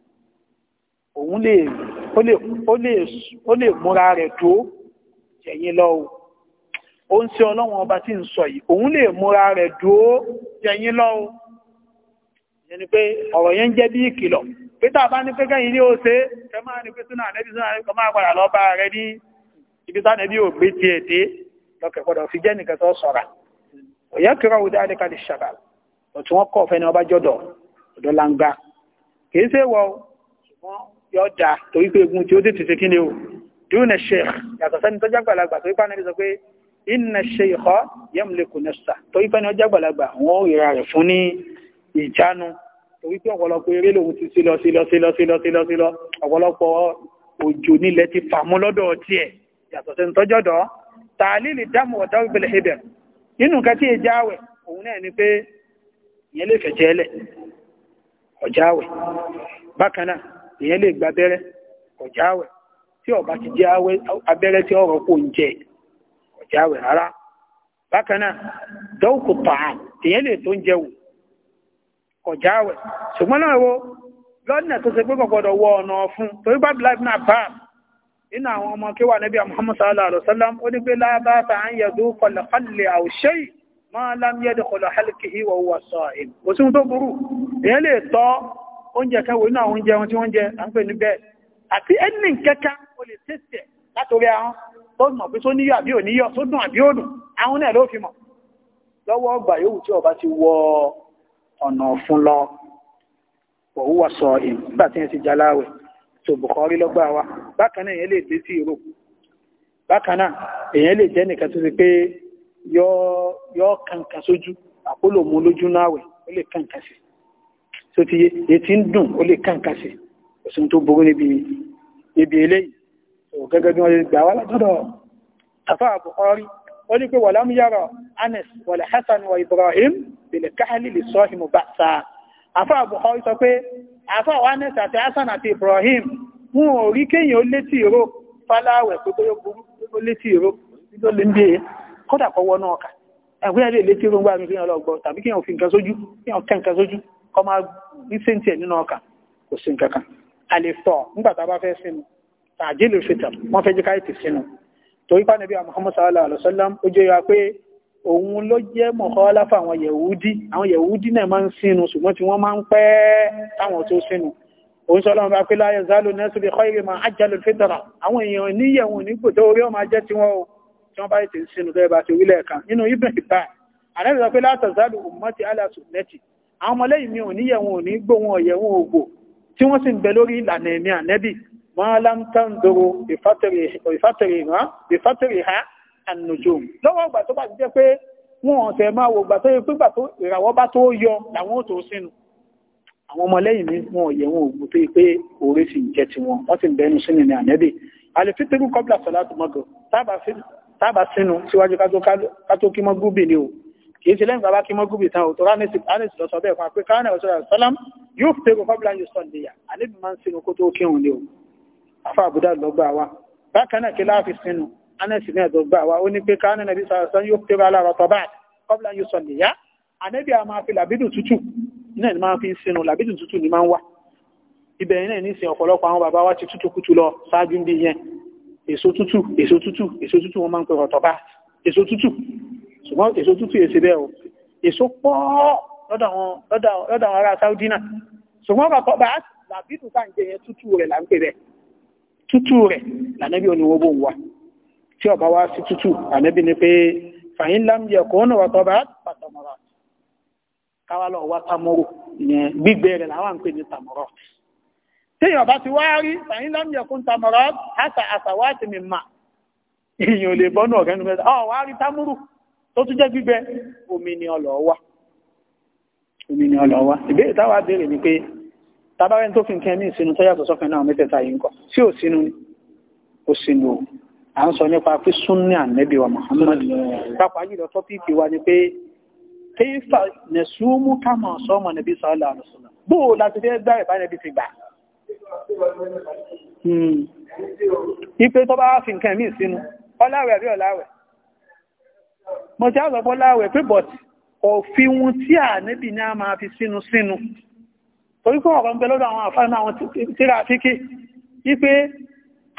òun lè ó lè múra rẹ̀ tó jẹ̀yìn lọ́wọ́ ó ń sí ọlọ́wọ́n ọba tí ń sọ yìí òun lè múra rẹ̀ tó jẹ̀yìn lọ́wọ́ ni pé ọ̀rọ̀ yẹn jẹ́ bí ìkìlọ̀ pété bá ní pẹ́kẹ́ yìí ní ó ṣe ẹ máa ní pé súnà nẹ́bí súnà nẹ́bí máa padà lọ bá rẹ ní ibi tá nẹ́bí ò gbé tiẹ̀ dé lọ́kẹ̀ gbọ́dọ̀ fi jẹ́ nìkan tó sọ̀ra òyẹ́ kí rọ̀wù dáadé ṣàbà ọ̀tún wọn kọ́ ọ̀fẹ́ ni ọba jọ́dọ̀ ọ̀dọ́ langba kìí ṣe wọ ṣùgbọ́n yóò da torí pé egun tí ó dé tètè kíni o dúnà sheikh yàtọ̀ sẹ́ni tó jágbàlagbà torí pé anábì sọ pé inna sheikh yamliku nafsa torí pé ni ó jágbàlagbà wọn ò ríra rẹ̀ fún ní ìjánu torí pé ọ̀pọ̀lọpọ̀ eré lòun ti sílọ sílọ sílọ sílọ sílọ sílọ ọ̀pọ̀lọpọ̀ òjò nílẹ̀ ti fàmú lọ́dọ̀ tiẹ̀ yàtọ̀ sẹ́ni tó jọ̀dọ̀ tààlìlì dámù ọ̀dá bákan náà èèyàn lè gba abẹ́rẹ́ ọ̀já àwẹ̀ tí ọba ti jẹ́ abẹ́rẹ́ tí ọ̀rọ̀ kò ń jẹ ọ̀já àwẹ̀ rárá bákan náà dọ́wùkù tàn èèyàn lè tó ń jẹ wò ọ̀já àwẹ̀ ṣùgbọ́n náà wo lọ́nà tó ṣe pé gbọ́dọ̀ wọ ọ̀nà ọ̀fun torí bá bí láìpẹ́ náà bá nínú àwọn ọmọ kí wà níbi Muhammad sallallahu alaihi wasallam ó ní pé lábá ta à ń yẹ̀dú kọlẹ̀ kọlẹ̀ àwòṣe yìí máa lámúyẹ́dẹ̀ kọlẹ̀ hálìkì ìwọ̀ wọ̀ sọ èmi kò sí ohun tó burú èèyàn lè tọ́ oúnjẹ kẹwò inú àwọn oúnjẹ wọn tí wọ́n jẹ à ń pè ní àti ẹni kẹta o lè tẹ́sẹ̀ látòrí ahọ́n tó mọ̀ pé abi níyọ̀ àbí òníyọ̀ tó dùn àbí òdùn ahọ́n náà ló fi mọ̀ lọ́wọ́ ọgbà tí ọba ti wọ ọ̀nà lọ òwúwà sọ ìgbà tí ti jaláwẹ̀ tó lọ́gbà wa bákan náà èèyàn lè dé sí ìró bákan náà èèyàn lè jẹ́ nìkan tó ti pé yọ tó ti etí ń dùn ó lè kàǹkà sí òsùn tó burú níbi níbi eléyìí tó gẹ́gẹ́ bí wọ́n lè gbà wá látọ́dọ̀ afá àbùkọ́rí ó ní pé wà lámú yára anes wàlẹ̀ Hassan wa ibrahim bẹ̀lẹ̀ káhálì lè sọ ìmọ̀ bá sa afá àbùkọ́rí sọ pé afá anes àti hasan àti ibrahim wọn ò rí kéèyàn ó létí ìró fáláwẹ̀ pé bóyá burú ó létí ìró ló lè ń bí e kódà kọ́ wọnú ọkà ẹ̀kúnyẹ́ lè létí ìró ń kọ́ máa ní sèǹtì ẹ̀ nínú ọkà kò sí nǹkan kan àlèfọ́ nígbà tá a bá fẹ́ sínú tààjí lè fi wọ́n fẹ́ jẹ́ ká ètè sínú torí pàdé bí Muhammad sallallahu alaihi wasallam ó jẹ́ ya pé òun ló jẹ́ mọ̀kọ́lá fún àwọn yẹ̀wúdí àwọn yẹ̀wúdí náà máa ń sínú ṣùgbọ́n tí wọ́n máa ń pẹ́ táwọn tó sínú òun sọ́lọ́ bá pé láyé zálò náà síbi kọ́ ìrìnmọ̀ ajálù fítàrà àwọn èèyàn níyẹ̀wò nígbòtó orí ọmọ ajẹ́ tí wọ́n tí wọ́n bá ti sínú bẹ́ẹ̀ bá ti orílẹ̀ kan nínú ibn Hibban àrẹ́bìsọ pé látàzálù ummati ala sunnati àwọn ọmọlẹ́yìn mi ò níyẹ̀ wọn ò ní gbọ́ wọn ọ̀yẹ̀ wọn ògbò tí wọ́n sì ń bẹ lórí ìlànà ẹ̀mí ànẹ́bì máa láńtà ń ha ànùjò lọ́wọ́ ìgbà tó bá ti jẹ́ pé wọ́n ọ̀sẹ̀ máa wo ìgbà tó yẹ pé ìràwọ̀ bá tó yọ làwọn ò tó sínú àwọn ọmọlẹ́yìn mi wọn ọ̀yẹ̀ wọn ògbò tó yẹ pé òòrè sì ń jẹ tiwọn wọ́n sì ń bẹnu sínú ní ànẹ́bì àlèfítẹ́rù kọ́bílà sọ̀lá tó mọ́gọ̀ tábà sínú síwájú kátókí mọ́gúbì ni o kìí ṣe lẹ́yìn bàbá kí mọ́ gúbì tán òtò ránìsì lọ́sọ bẹ́ẹ̀ fún apẹ́ káwọn ọ̀sọ̀rọ̀ sọ́lám yóò fi tẹ́gùn fábílà yóò sọ̀n nìyà àníbi máa ń sinú kó tó kírun ni o afá àbúdá lọ́gbà wa bákan náà kí láàfin sinú anẹ́sì náà lọ́gbà wa ó ní pé káwọn nàbí sọ̀rọ̀ yóò fi tẹ́gùn alára ni máa fi sinú làbídù ni máa ń wà ibẹ̀ náà ní sin ọ̀pọ̀lọpọ̀ àwọn bàbá wa ti tútù kútù lọ ṣáájú bí yẹn èso tútù èso tútù èso ṣùgbọ́n èso tútù èsì bẹ́ẹ̀ o èso pọ̀ lọ́dọ̀ àwọn ará Saudi náà ṣùgbọ́n bàbá bá làbídù tá ń jẹ yẹn tútù rẹ̀ là ń pè bẹ́ẹ̀ tútù rẹ̀ lànàbí oníwó bò ń wà tí ọba wá sí tútù lànàbí ni pé fàyín lámbi ẹ̀kọ́ ọ̀nà wà tọ́ba pàtàmọ́ra káwá lọ wá tamọ́rò ìyẹn gbígbẹ rẹ̀ làwọn ń pè ní tamọ́rọ̀ téèyàn bá ti wá rí fàyín lámbi ẹ̀kọ́ ń tamọ́ra àtà àtàwá àti mi mà èèyàn ò lè bọ́nú ọ̀gẹ́nu mẹ́ta ọ̀ wá rí tamọ́rò tó tún jẹ́ gbígbẹ omi ni ọlọ́ wà omi ni ọlọ́ wà ìbéèrè táwa béèrè ni pé tàbárẹ́ tó fi nǹkan ní ìsinú tó yàtọ̀ sọ́kàn náà mẹ́tẹ̀ẹ̀ta yìí ń kọ́ sí ò sínú ó sínú o à ń sọ nípa pé súnní ànẹ́bí wa Muhammad pàápàá jùlọ tọ́pìkì wa ni pé kéfà nẹ̀súmú kámọ̀ sọ́mọ̀ nẹ̀bí mo ti àzọ̀pọ̀ láwẹ̀ pé bọ̀t òfin tí ànábì ní a máa fi sínú sínú torí pé ọ̀rọ̀ ń bẹ lọ́dọ̀ àwọn àfáàmì àwọn tíra fíkì wípé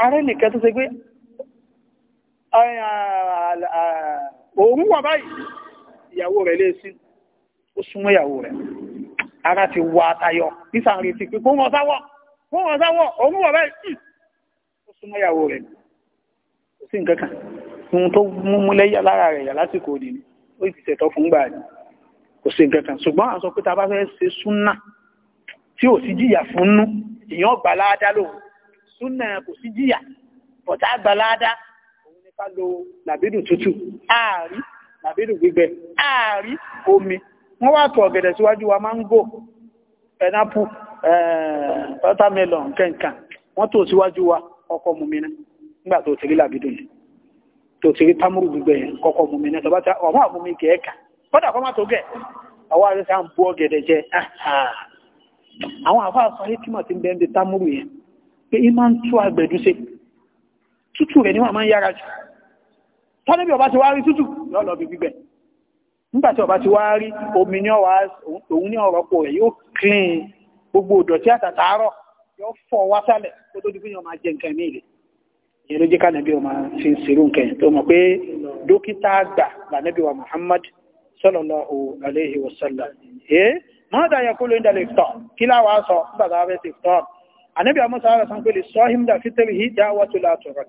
arẹ́ nìkan tó ṣe pé òun wà báyìí ìyàwó rẹ̀ lé sí ó súnmọ́ ìyàwó rẹ̀ ara ti wà àtayọ nísàárín ti pé kó wọ́n sáwọ́ kó wọ́n sáwọ́ òun wà ohun tó múmú lẹ́yà lára rẹ̀ yà lásìkò òdì ni ó ti ṣẹ̀tọ́ fún gbà ní kò sí nǹkan kan ṣùgbọ́n à ń sọ pé ta bá fẹ́ ṣe súnà tí ò sí jìyà fún nú èèyàn gbà láàdá lòun súnà kò sí jìyà bọ̀tá gbà láàdá òun ni ká lo làbídù tútù ààrí làbídù gbígbẹ ààrí omi wọ́n wá tọ̀ ọ̀gẹ̀dẹ̀ síwájú wa máńgò pẹnápù eh, watermelon kẹ̀ǹkà wọ́n tò síwájú wa ọkọ̀ mùmínà nígbà tó ti làbídù yìí tó ti rí támúrù gbígbẹ yẹn kọ́kọ́ mú mi náà tọ́ba ta ọmọ àmú mi kẹ́ ẹ̀ka kọ́dà kọ́ má tó gẹ̀ ọwọ́ àti sáà bú ọ̀gẹ̀dẹ̀ jẹ ah, ah. àwọn àfa àsọ ayé tìmọ̀ ti ń bẹ́ẹ̀ ń de yẹn pé í máa ń tú àgbẹ̀dú tútù rẹ̀ ni wọ́n máa ń yára jù ọba ti tútù yóò lọ bí nígbà tí ọba ti omi ní ọwà òun ní ọ̀rọ̀ pọ̀ rẹ̀ yóò gbogbo máa jẹ nǹkan ìlú jẹ́ kánàbí ọmọ fi ń serú nkẹ́ tó mọ̀ pé dókítà àgbà lànàbí wa Muhammad sallallahu alaihi wasallam ee eh? máa dá yẹ kó ló ń dalẹ̀ ìfọ̀ kí láwàá sọ nígbà tá a fẹ́ sí ìfọ̀ ànàbí ọmọ sára san pé lè sọ him dà fítẹ́rì hí dáwà tó látọ̀rọ̀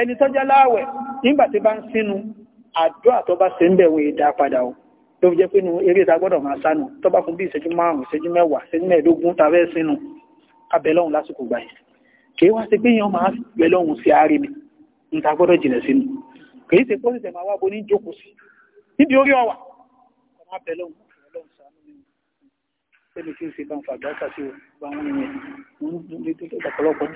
ẹni tọ́jà láwẹ̀ nígbà tí bá ń sínú àjọ àtọ́bá sí fi jẹ́ pé eré ìta máa sánú tọ́bá fún bí ìṣẹ́jú márùn-ún ìṣẹ́jú mẹ́wàá ìṣẹ́jú mẹ́ẹ̀ẹ́dógún tàbẹ́ sínú abẹ́lọ́hun lásìkò gbà kìí wá sí pé yàn máa bẹ lọ́hùn sí ààrẹ mi ń ta gbọ́dọ̀ jìnà sínú kìí ṣe pọ́sẹ̀sẹ̀ máa wá bo ní jókòó sí níbi orí ọwà ọmọ bẹ lọ́hùn ọlọ́hùn sàánú mi sẹ́ni tí ń ṣe bá ń fàgbà kàṣí bá wọn yẹn ọ̀pọ̀lọpọ̀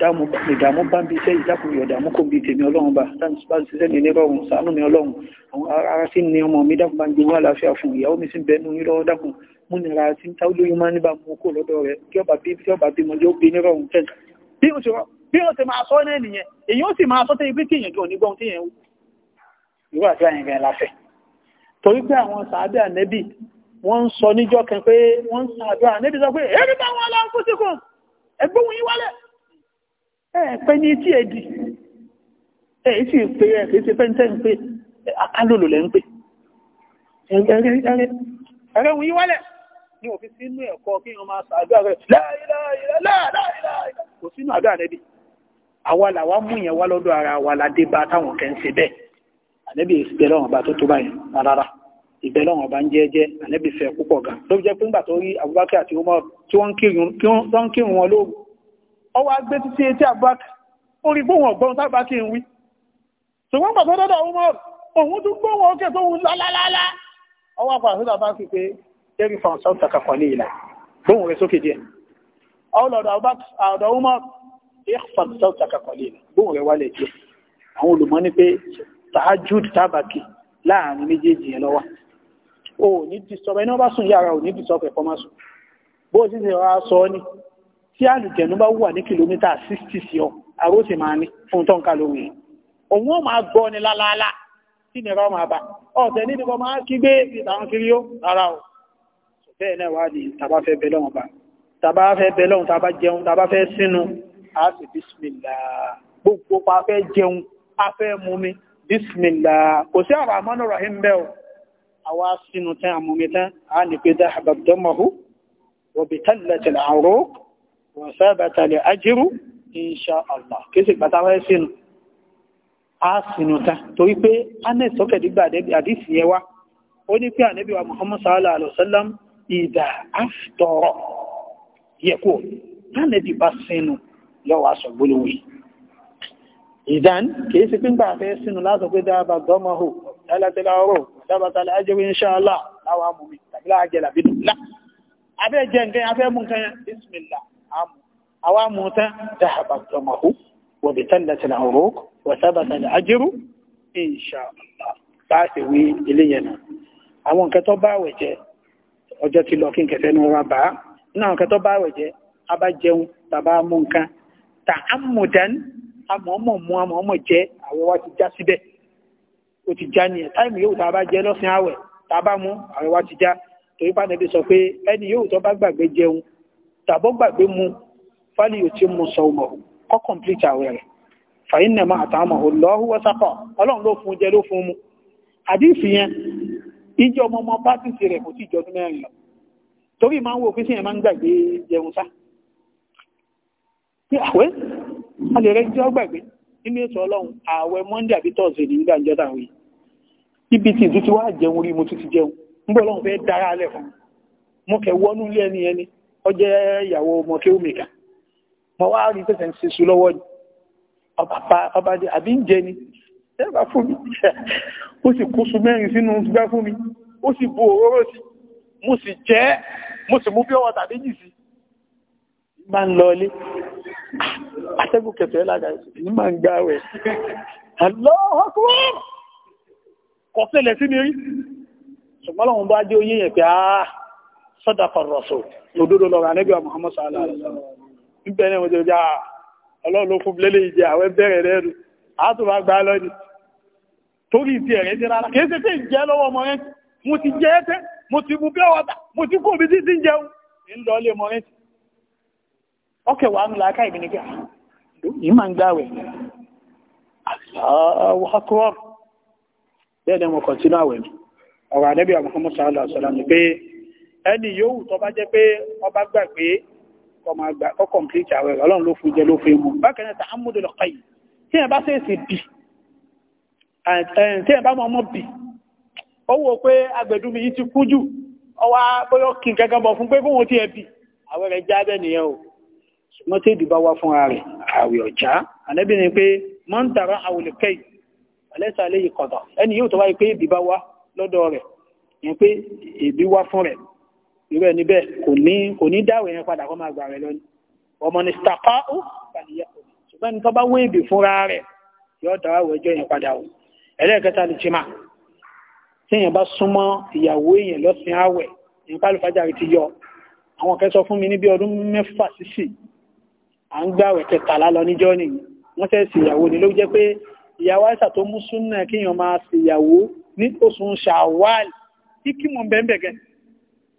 ìdààmú bá ń bí iṣẹ́ ìjákùnrin ọ̀dààmú kò bí tèmi ọlọ́run bá bá ń ṣiṣẹ́ ní lọ́rùn sàánú mi ọlọ́run àwọn ara sí ni ọmọ mi dákun bá ń gbowó àlàáfíà fún ìyàwó mi sí ń bẹnu yín lọ́wọ́ dákun múnira sí táwọn olóyún máa ń bá mú kó lọ́dọ̀ rẹ̀ kí ọba bí ọba bímọ yóò gbé nírọ̀rùn tẹ̀sán bí ó ṣe rọ bí ó ṣe máa sọ náà nìyẹn èyí ó sì máa sọ tẹ́yìn pé kí èyàn kí òní gbọ́n tí èyàn wú irú àti àyìn gan láfẹ́ torí pé àwọn sàábì ànẹ́bì wọ́n ń sọ níjọ́ kan pé wọ́n ń sàábì ànẹ́bì sọ pé èyí bá wọn lọ fún síkùn ẹgbóhun yí wálẹ̀ ẹ pé ní tí ẹ di ẹ sì pé ẹ kì í ṣe fẹ́ntẹ́ ń pé akálòlò lẹ́ ń pé ẹrẹ́hun yí wálẹ̀ ní òfin sínú ẹ̀kọ́ kí wọ́n máa sàábì kò sínú àdó ànẹ́bì àwa làwa mú yẹn wá lọ́dọ̀ ara wa ládé bá táwọn kẹ́ ń ṣe bẹ́ẹ̀ ànẹ́bì ìbẹ̀rẹ̀ ọ̀hún ọba tó tó báyìí rárá ìbẹ̀rẹ̀ ọ̀hún ọba ń jẹ́ jẹ́ ànẹ́bì fẹ́ púpọ̀ gan ló jẹ́ pé ńgbà tó rí Abubakar àti Umar tí wọ́n ń kírun wọn lóru ó wá gbé títí etí Abubakar ó rí gbóhùn ọ̀gbọ́n tábà kí n wí ṣùgbọ́n pàtó dọ́dọ̀ Umar òun tún gbóhùn ọkẹ tó wù lálálálá ọlọ́dọ̀ àwọ̀dọ̀ umar ìfàdù sọ́ọ̀tà kàkọ̀lẹ̀ gbóhùn rẹ̀ wálẹ̀ díẹ̀ àwọn olùmọ́ ní pé tahajud tabaki láàrin méjèèjì yẹn lọ́wọ́ o ní disturb ẹni wọ́n bá sùn yàrá ò ní disturb ẹ̀kọ́ má sùn bó ti ṣe wá sọ ní tí àlùjẹ̀nu bá wà ní kìlómítà 60 sí ọ àrò sì máa ní fún tó ń ká lórí òun ó máa gbọ́ bẹ́ẹ̀ náà wá ní tàbá fẹ́ bẹ́ẹ̀ lọ́wọ́ tàbá fẹ́ bẹ̀lọ́un tàbá jẹun tàbá fẹ́ sínú a sì bísmìlá gbogbo pa fẹ́ jẹun a fẹ́ múmi bísmìlá kò sí àwọn àmọ́nà rahim bẹ́ẹ̀ àwa sínú tán àmúmi tán a ní pé dáhàbà dọ́mọ̀hú wọ̀bí tàlẹ̀tẹ̀lẹ̀ àrò wọ̀n sábàtàlẹ̀ ajírú insha Allah kí sì pàtà fẹ́ sínú a sínú tán torí pé a ní ìsọ́kẹ̀dígbà àdìsí yẹn wá ó ní pé yẹ kó tánẹ́bì bá sínú yọ́wà sọ gbólówì ìdán kìí sí pínpà fẹ́ sínú láti pé dáàbà gọ́mọ̀hù tẹ́lẹ̀tẹ́lẹ̀ ọ̀rọ̀ dábàtàlẹ̀ ajẹ́wé inṣáàlá láwà mú mi tàbí láàjẹ́ làbínú lá abẹ́ jẹ́ nǹkan afẹ́ mú nǹkan bísmìlá àmú àwa mú tán dáàbà gọ́mọ̀hù wọ̀bí tẹ́lẹ̀tẹ́lẹ̀ ọ̀rọ̀ wọ̀tẹ́bàtàlẹ̀ ajẹ́rú inṣáàlá láti wí ilé yẹn náà àwọn nǹkan tó bá wẹ̀ jẹ́ ọjọ́ ti lọ kí nkẹfẹ́ ní wọn bá náà nǹkan tó bá wẹ̀ jẹ́ a bá jẹun tàbá mú nǹkan tà á mú dání amọ̀ọ́mọ̀ mú amọ̀ọ́mọ̀ jẹ́ àwẹ̀ wa ti já síbẹ̀ ó ti já nìyẹn táìmù yóò tá a bá jẹ lọ́sìn àwẹ̀ tá a bá mú àwẹ̀ wa ti já torí bá nàbí sọ pé ẹni yóò tó bá gbàgbé jẹun tàbọ́ gbàgbé mu fáliyò tí mo sọ ọmọ kọ́ kọ̀m̀plìtì àwẹ̀ rẹ̀ fàyín nàmọ́ àtàwọn ọlọ́hu wọ́sápọ̀ ọlọ́run ló fún jẹ ló fún mu àdìsí yẹn ìjọ ọmọ ọmọ bá ti rẹ̀ kò tí ìjọdún mẹ́rin lọ torí máa ń wo òfin sí ẹ̀ máa ń gbàgbé jẹun sá àwẹ́ ah, a lè rẹ jẹ́ ọgbàgbé nínú ètò ọlọ́run monday àbí thursday ní ìjọba ibi tí ìtútù wá jẹun rí mo tún ti jẹun ń bọ̀ lọ́run fẹ́ dára alẹ̀ fún mo wọnú ilé ẹni ẹni ìyàwó ọmọ mo wá rí tẹ̀sẹ̀ ń lọ́wọ́ ni ọba dé àbí ń mi ó sì kó mẹ́rin sínú gbá fún mi ó sì bu òróró sí mo sì jẹ́ mo sì mú bí ọwọ́ tàbí jì sí máa ń lọlé atẹ́gùn kẹfẹ́ lága ní máa ń gbáwẹ̀ alọ́ọ̀kọ́ kọ̀sẹ̀lẹ̀ sí mi rí ṣùgbọ́n lọ́wọ́n bá jẹ́ oyé yẹn pé àá sọ́dà fọ̀rọ̀sọ̀ lòdòdó lọ́rọ̀ anẹ́gbà Muhammad sallallahu alaihi wasallam níbẹ̀rẹ̀ wọ́n jẹ́ ọjà ọlọ́run ló fún lélẹ̀ ìjẹ́ àwẹ́ bẹ̀rẹ̀ rẹ̀rù àátùmá gbá lọ́ni torí ìdí ẹ̀rẹ́ jẹ́ rárá kìí ṣe tí ìjẹ́ lọ́wọ́ ọmọ rẹ̀ mo ti jẹ́ ẹ́tẹ́ mo ti mu bí ọwọ́ta mo ti kó omi tí ti ń jẹun ní ń lọ ilé mọ ní ọkẹ̀ wà ń la aká kí yìí máa ń gbáwẹ̀ àwọ̀kọ́rọ̀ Muhammad sallallahu alaihi wasallam ni pé ẹni yóò tó bá jẹ́ pé ọba gbà pé kọ kọ̀mplíìtì àwẹ̀ ọlọ́run ló fún jẹ ló fún imú bákan náà ó wò pé agbẹ̀dúmi yìí ti kú jù ọwá bóyọ́ kí n kankan bọ̀ fún pé bóun ti ẹbí àwẹ̀ rẹ̀ já bẹ́ẹ̀ nìyẹn o ṣùgbọ́n tí ìdìbò wá fúnra rẹ̀ àwẹ̀ ọ̀já ànábì ni pé mọ́ ń tara àwòlè kẹ́yì ọ̀lẹ́sà lè yí kọ̀tọ̀ ẹni yóò tó wáyé pé ìbí bá wá lọ́dọ̀ rẹ̀ yẹn pé ìbí wá fún rẹ̀ irú ẹni bẹ́ẹ̀ kò ní kò ní dáwẹ̀ yẹn padà kó máa gbà rẹ̀ lọ́ni ọmọ ni sàkọ́ ó ṣùgbọ́n téèyàn bá súnmọ́ ìyàwó èèyàn lọ́sìn àwẹ̀ èèyàn pálù fàjàrí ti yọ àwọn kẹ́ sọ fún mi ní bí ọdún mẹ́fà sísì à ń gbàwẹ̀ kẹtàlá lọ níjọ́ nìyí wọ́n fẹ́ sí ìyàwó ni ló jẹ́ pé ìyàwó àìsà tó mú súnà kíyàn máa sí ìyàwó ní oṣù ṣàwàlì kí kí mọ̀ bẹ́ẹ̀ gẹ̀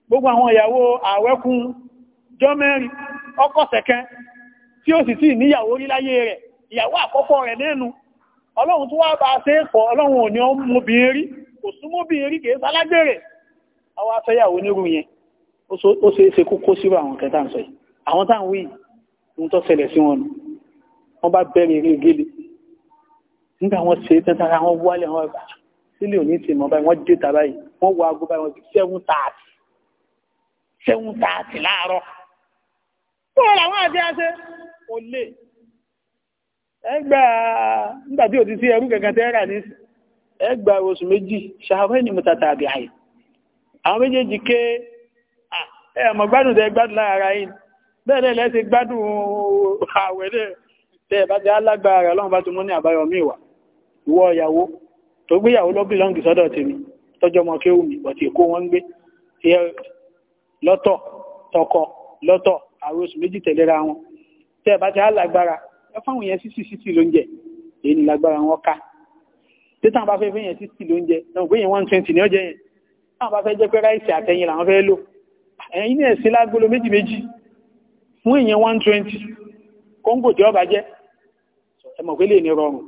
gbogbo àwọn ìyàwó àwẹ́kún jọ mẹ́rin ọkọ sẹ̀kẹ́ tí ó sì sí níyàwó rí láyé rẹ̀ ìyàwó àkọ́kọ́ rẹ̀ lẹ́nu ọlọ́run tó wá bá ṣe é pọ̀ ọlọ́run ò ní ọmọbìnrin rí kò súnmọ́ bí erí kèé sálágbèrè àwọn afẹ́yàwó onírú yẹn ó ṣe é ṣe kó kó sírò àwọn kẹta ń sọ yìí àwọn tá ń wí ohun tó ṣẹlẹ̀ sí wọn nù wọ́n bá bẹ̀rẹ̀ eré gẹ́lẹ̀ nígbà wọ́n ṣe é tẹ́tara wọ́n wálé àwọn ọgbà sílé òní ti mọ̀ báyìí wọ́n dé ta báyìí wọ́n wọ aago báyìí wọ́n fi seven thirty seven thirty láàárọ̀ tó làwọn àti àṣẹ kò lè ẹgbàá nígbà tí ò ẹrú kẹ̀kẹ́ tẹ́ rà nísìn ẹ gba oṣù méjì ṣàwọn ẹni mọ̀tàtà àbí àyè àwọn méjèèjì ké ẹ mọ̀ gbádùn tẹ gbádùn lára ara yìí bẹ́ẹ̀ lẹ́ẹ̀ lẹ́ẹ̀ ti gbádùn àwẹ̀ dẹ̀ tẹ ẹ bá ti alágbára rẹ̀ ọlọ́run bá ti mú ní àbáyọ mi wà ìwọ ìyàwó tó gbéyàwó lọ́bí lọ́ngì sọ́dọ̀ tèmi tọ́jọ́ mọ́ kéwù mi bọ̀tì èkó wọn gbé lọ́tọ̀ ẹ bá ti alágbára ẹ fáwọn yẹn lóúnjẹ èyí ni lágbára wọn ká tí táwọn bá fẹ́ fẹ́ yẹn sixty ló ń jẹ náà gbé yẹn 120 twenty ní ọjọ́ yẹn táwọn bá fẹ́ jẹ́ pé ráìsì àtẹ̀yìn làwọn fẹ́ lò ẹ̀yìn náà lágbóló méjì méjì fún ìyẹn 120 kóńgò tí ọba jẹ́ ẹ pé lè ní rọrùn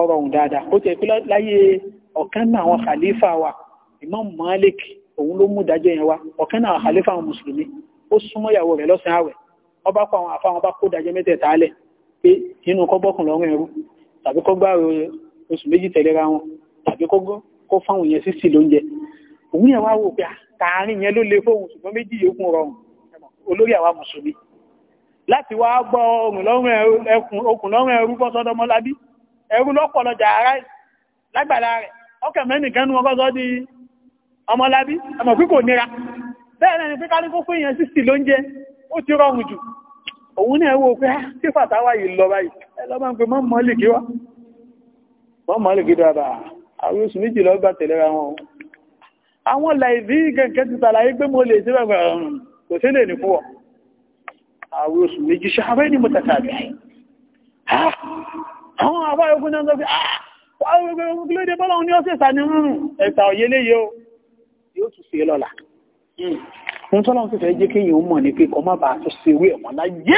ọrọ̀rùn dáadáa ó ti ẹ̀pẹ́ láyé ọ̀kan khalifa wa Imam Malik òun ló mú dájọ́ yẹn wa ọ̀kan náà khalifa àwọn mùsùlùmí ó súnmọ́ rẹ̀ lọ́sàn-án ọba kọ oṣù méjì tẹ̀léra wọn tàbí kó fáwọn yẹn sísì lóúnjẹ òun yẹn wá wò pé àárín yẹn ló le fóun ṣùgbọ́n méjì yòókù rọrùn olórí àwa mùsùlùmí láti wá gbọ́ okùn lọ́rùn ẹrú bọ́ sọ́dọ̀ mọ́lábí ẹrú lọ́pọ̀lọjà ara lágbàlá rẹ̀ ọkẹ̀ mẹ́nìkan ní wọ́n sọ́ di ọmọlábí ọmọ pí kò nira bẹ́ẹ̀ náà ni pé kálukú fún èèyàn sísì lóúnjẹ ó ti rọrùn jù òun náà wò pé tí fàtàwà yìí lọ báyìí ẹ lọ bá ń pe mọ́ mọ́lì kí wá wọ́n mọ̀ lè gidi bàbá àwọn oṣù méjì lọ gbà tẹ̀lera wọn àwọn làìbí kẹ̀kẹ́ ti tàlàyé pé mo lè síbẹ̀ kò sí lè ní fún ọ àwọn oṣù méjì ṣàbẹ́ ni mo tàtà bí àwọn àwọn ogun náà sọ pé àwọn ogun lóde bọ́lá ní ọ́sẹ̀ sàní rúrùn ẹ̀ta òyelé yóò hmm. yóò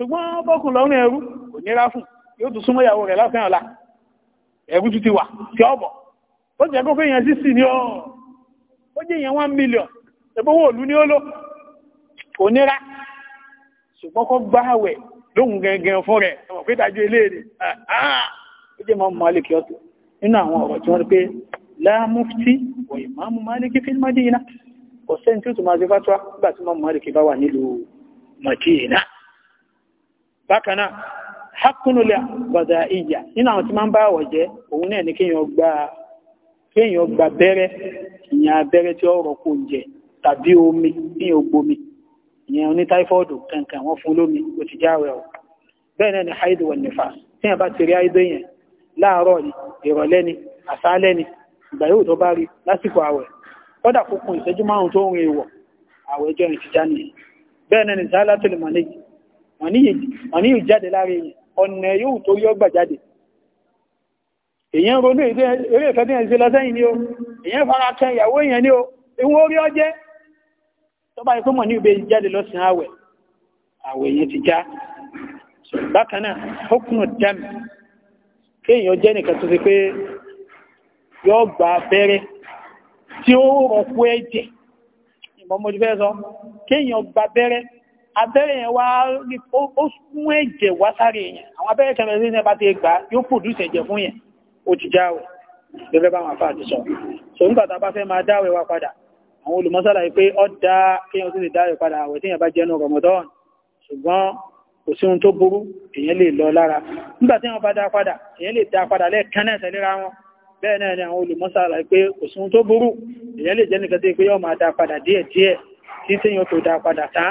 ṣùgbọ́n bọ́kùn lọ́rùn ẹrú kò nírá fún yóò tún súnmọ́ ìyàwó rẹ̀ lọ́sẹ̀ ọ̀la ẹ̀rú tún ti wà tí ọ bọ̀ ó jẹ́ kó fẹ́ sí sí ọ́ ó jẹ́ yẹn one million ẹgbówó òlú ní ó ló kò nira ṣùgbọ́n kó gbá àwẹ̀ lóhun gẹ̀ǹgẹ̀ǹ fún rẹ̀ ọmọ pé dájú eléèrè ó jẹ́ mọ́ Málíkì ọ̀tọ̀ nínú àwọn ọ̀rọ̀ tí wọ́n rí pé láàmúftí wọ̀ ìmáàmù Málíkì fi Mádínà kò sẹ́ni tí ó tún máa ṣe fátúwá nígbà tí mọ́ Málíkì bá wà nílùú Mádínà bákan náà hakunulẹ̀ gbọ̀dà ìyà nínú àwọn tí máa ń bá àwọ̀ jẹ́ òun náà ní kéèyàn gba kéèyàn gba bẹ́rẹ́ ìyàn abẹ́rẹ́ tí ó rọ̀pò oúnjẹ tàbí omi kéèyàn gbomi ìyẹn oní táífọ́ọ̀dù kankan wọ́n fún lómi ó ti jáwẹ̀ ọ̀ bẹ́ẹ̀ náà ni haidu wà nífà tí yẹn bá ti rí haidu yẹn láàárọ̀ ni ìrọ̀lẹ́ ni àṣálẹ́ ni ìgbà yóò tó bá rí lásìkò àwẹ̀ kọ́dà kókun èèyàn ọ̀nà yóò tó yọ gbà èyàn ronú eré ìfẹ́ tí sí lọ́sẹ́yìn ni ó èyàn fara kẹ ìyàwó èyàn ni ó ìwọ̀n orí ọjẹ́ tó bá ikú mọ̀ ní ìgbé jáde lọ́sìn àwẹ̀ àwẹ̀ èyàn ti já bákan náà ọkùnrin dẹ́m kéèyàn jẹ́ nìkan tó ti pé yọ gba abẹ́rẹ́ tí ó rọ̀kú ẹ̀jẹ̀ ìmọ̀mọ́jú sọ kéèyàn gba abẹ́rẹ́ abẹ́rẹ́ yẹn wá ó mú ẹ̀jẹ̀ wá sáré yẹn àwọn abẹ́rẹ́ kẹrẹ sí ẹbá ti gbà yóò pòdúsì ẹ̀jẹ̀ fún yẹn ó ti jáwẹ̀ gẹ́gẹ́ bá wọn fàájì sọ so nígbà tá bá fẹ́ máa dáwẹ̀ wá padà àwọn olùmọ́sálà yìí pé ó dá kéèyàn tó lè dáwẹ̀ padà àwẹ̀ tí yẹn bá jẹ́nu rọmọdọ́n ṣùgbọ́n kò sí ohun tó burú èèyàn lè lọ lára nígbà tí wọn bá dá padà èèyàn lè dá padà lẹ́ẹ̀kan náà tẹ̀léra wọn bẹ́ẹ̀ náà ni àwọn olùmọ́sálà pé kò sí ohun tó burú èèyàn lè jẹ́ nìkan tí pé yóò máa dá padà díẹ̀díẹ̀ tí téèyàn tó dá padà tán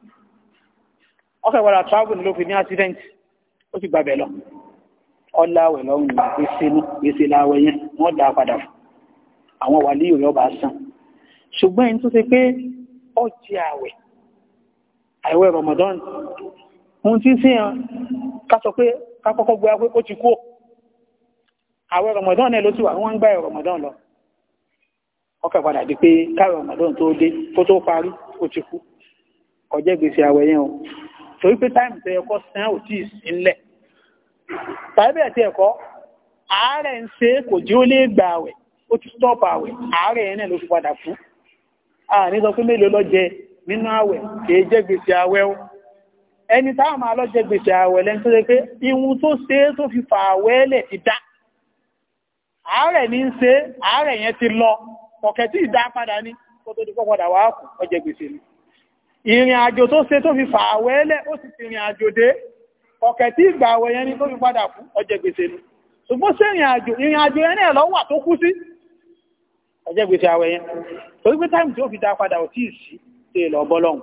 ọ̀fẹ́ wàrà travel ló fi ní accident ó sì gbàbẹ̀ lọ ọláwẹ̀ lọ́rùn gbèsè ní gbèsè láwẹ̀ yẹn wọ́n dá padà fún àwọn wà ní ìrẹ́ ọba san ṣùgbọ́n ẹni tó ṣe pé ó jẹ àwẹ̀ àìwẹ̀ Ramadan ohun tí ń sí hàn ká sọ pé ká kọ́kọ́ gbé pé ó ti kú àwẹ̀ Ramadan náà ló ti wà wọ́n ń gbà ẹ̀ Ramadan lọ ọkẹ̀ padà di pé káwẹ̀ Ramadan tó dé kó tó parí ó ti kú ọjẹ́ gbèsè àwẹ̀ yẹn o torí pé táìmù tó yẹ kó sẹ́n ò tí ì sílẹ̀ tàbí ẹ̀tí ẹ̀kọ́ ààrẹ ń ṣe kò jí ó lè gbà àwẹ̀ ó ti stop àwẹ̀ ààrẹ ẹ̀ náà ló fi padà fún àní sọ pé mélòó ló jẹ nínú àwẹ̀ kìí jẹ́ gbèsè àwẹ̀ ó ẹni táwọn máa lọ jẹ gbèsè àwẹ̀ lẹ́ni tó ṣe pé ihun tó ṣe é tó fi fà àwẹ̀ lẹ̀ ti dá ààrẹ ní ń ṣe ààrẹ yẹn ti lọ kọ̀kẹ́ tí ì dá padà ní kó tó di pọ́ padà wá kù ọjẹ́ gbèsè ni ìrìn àjò tó ṣe tó fi fà àwẹ́lẹ̀ ó sì ti rìn àjò dé ọ̀kẹ́ tí ìgbà àwẹ̀ yẹn ni tó fi padà fún ọjẹ́ gbèsè ni ṣùgbọ́n sí ìrìn àjò ìrìn àjò yẹn náà lọ́wà tó kú sí ọjẹ́ gbèsè àwẹ̀ yẹn torí pé táìmù tí ó fi dá padà ò tí ì sí ṣe lọ bọ́lọ́hùn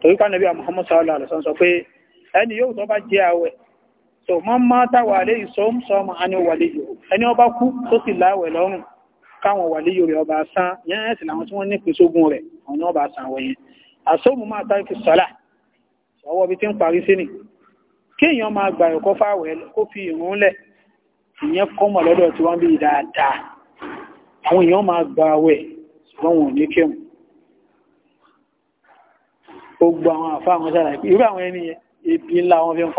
torí ká nàbí Muhammad sallallahu alaihi wasallam sọ pé ẹni yóò tó ọba san wọ́n yẹn àsọ́mù máa tá ìfi sọ́lá ọwọ́ bí tí ń parí sí ni kí èèyàn máa gbà ẹ̀kọ́ fáwẹ̀ kó fi ìrún lẹ̀ ìyẹn kọ́mọ̀ lọ́dọ̀ tí wọ́n bí dáadáa àwọn èèyàn máa gbà wẹ̀ ṣùgbọ́n wọn ò ní kéwù gbogbo àwọn àfá àwọn sára ìpín irú àwọn ẹni ebi ńlá wọn fi ń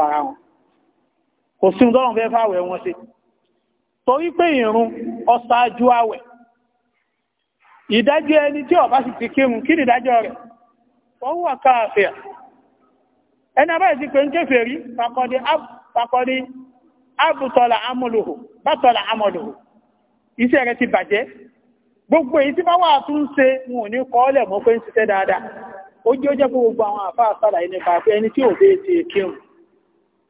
fara torí pé ìrún ọ̀sáájú àwẹ̀ ìdájọ́ ẹni tí ó sì ti kírun kí ni ìdájọ́ rẹ̀ fọwọ́ káàfẹ́ ẹni abáyé ti pé ń kéfèé rí pàkọ́dí abùtọ́là amúlòhò bátọ́là iṣẹ́ ti bàjẹ́ gbogbo èyí tí bá wà tún ṣe wọn ní kọ́ọ́lẹ̀ mọ́ pé ń ṣiṣẹ́ dáadáa gbogbo àwọn àfáà sàlàyé nípa pé ẹni tí ò ti kírun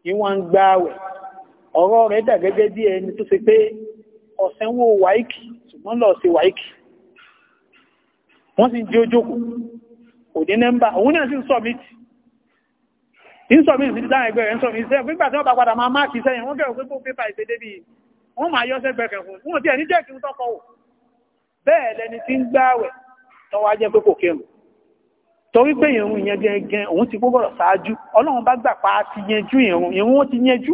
ń gbáwẹ̀ ọ̀rọ̀ rẹ̀ dà gẹ́gẹ́ bí ẹni tó ṣe pé ọ̀sẹ̀ wo wáìkì ṣùgbọ́n lọ sí wáìkì wọ́n kò ní nẹ́mbà òun náà sí sọ́mìtì ní sọ́mìtì sí dáa ẹgbẹ́ rẹ̀ ń sọ́mìtì sẹ́yìn nígbà tí wọ́n bá padà máa máàkì sẹ́yìn wọ́n kẹ́rù pé bó pépà ìpé débi wọ́n máa yọ́ sẹ́gbẹ̀ kẹfún fún òtí ẹ̀ ní jẹ́ kí n tọ́kọ̀ wò bẹ́ẹ̀ lẹni tí ń gbáwẹ̀ tọwọ́ ajẹ́ pé kò kẹrù torí pé ìrun yẹn gẹ́gẹ́ òun ti gbọ́gbọ́rọ̀ ṣáájú ọlọ́run bá gbà pa ti yẹnjú ìrun ìrun ó ti yẹnjú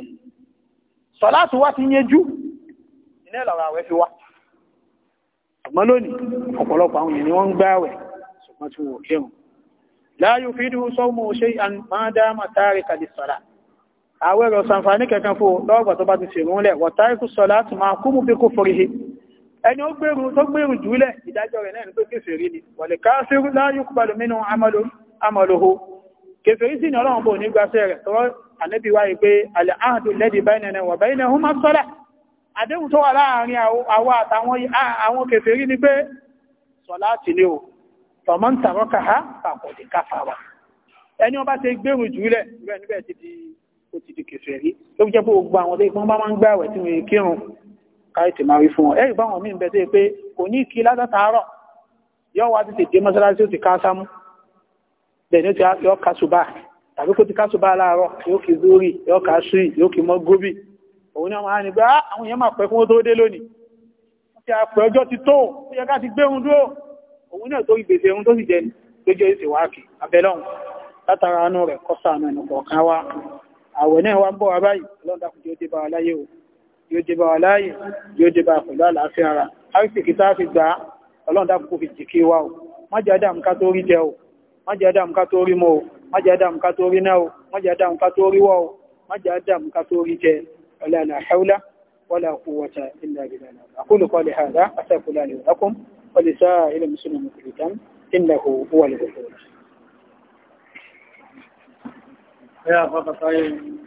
sọ̀láàtù wá ti yẹnjú iná ìlọ̀rọ̀ àwẹ̀ fi wá ṣùgbọ́n lónìí ọ̀pọ̀lọpọ̀ àwọn èèyàn ni wọ́n ń gbáwẹ̀ ṣùgbọ́n tí wọ́n kẹrùn لا يفيد sọ́mù ṣe àn máa dáma tààrí kàdìsọ́lá àwẹ́ rẹ̀ sànfàní kẹ̀kẹ́ fún lọ́gbà tó bá ti ṣe rúnlẹ̀ wọ̀táríkù sọ́lá tó máa kú mú bí kò fòrìhì ẹni ó gbèrú tó gbèrú jùlẹ̀ ìdájọ́ rẹ̀ náà ní pé kèfèrí ni wọ̀lẹ̀ káfíru láyò kúbalù mínú amọ̀lòho kèfèrí sí ni ọlọ́run bò ní gbáṣẹ́ rẹ̀ tọ́rọ ànẹ́bí wáyé pé alẹ́ àádù lẹ́dì báyìí wà báyìí tọ̀mọ́n tàrọ́kà ha pàkọ̀dé káfàrà ẹni ọba ṣe gbẹ̀rùn jùlẹ̀ rẹ̀ níbẹ̀ ti di ó ti di kẹfẹ́ rí tó jẹ́ pé gbogbo àwọn ọdẹ́gbọ́n bá máa ń gbàwẹ̀ tí wọ́n kírun káyọ̀tì máa rí fún wọn ẹ̀rì báwọn míì bẹ́ẹ̀ pé kò ní kí látàtàárọ̀ yọ wá ti tètè mọ́sálásí ó ti ká sámú bẹ́ẹ̀ ni ó ti yọ ká ṣùbà tàbí kó ti ká ṣùbà láàárọ̀ yóò kí zúrì yọ ká ṣúrì yóò kí mọ́ góbì òun ni àwọn ànígbà ah, àwọn èèyàn máa pẹ́ fún ó tó dé lónìí wọ́n ti àpẹ́ ọjọ́ ti tó ó yẹ ká ti gbé ohun dúró òun náà tó ìgbèsè ohun tó sì jẹ lójú èsì wáàkì abẹ́lọ́hùn látara àánú rẹ̀ kọ́sàánú ẹnu kọ̀ọ̀kan wa àwẹ̀ náà wá ń bọ̀ wá báyìí ọlọ́dàkùn yóò dé bá wa láyé o yóò dé bá wa láyé yóò dé bá pẹ̀lú àlàáfíà ara àrísìkì tá a fi gbà ọlọ́dàkùn kò fi jìkì wa o má jẹ́ àdàm ká tó rí jẹ o ولسائر المسلمين مفلتا إنه هو الغفور يا فقط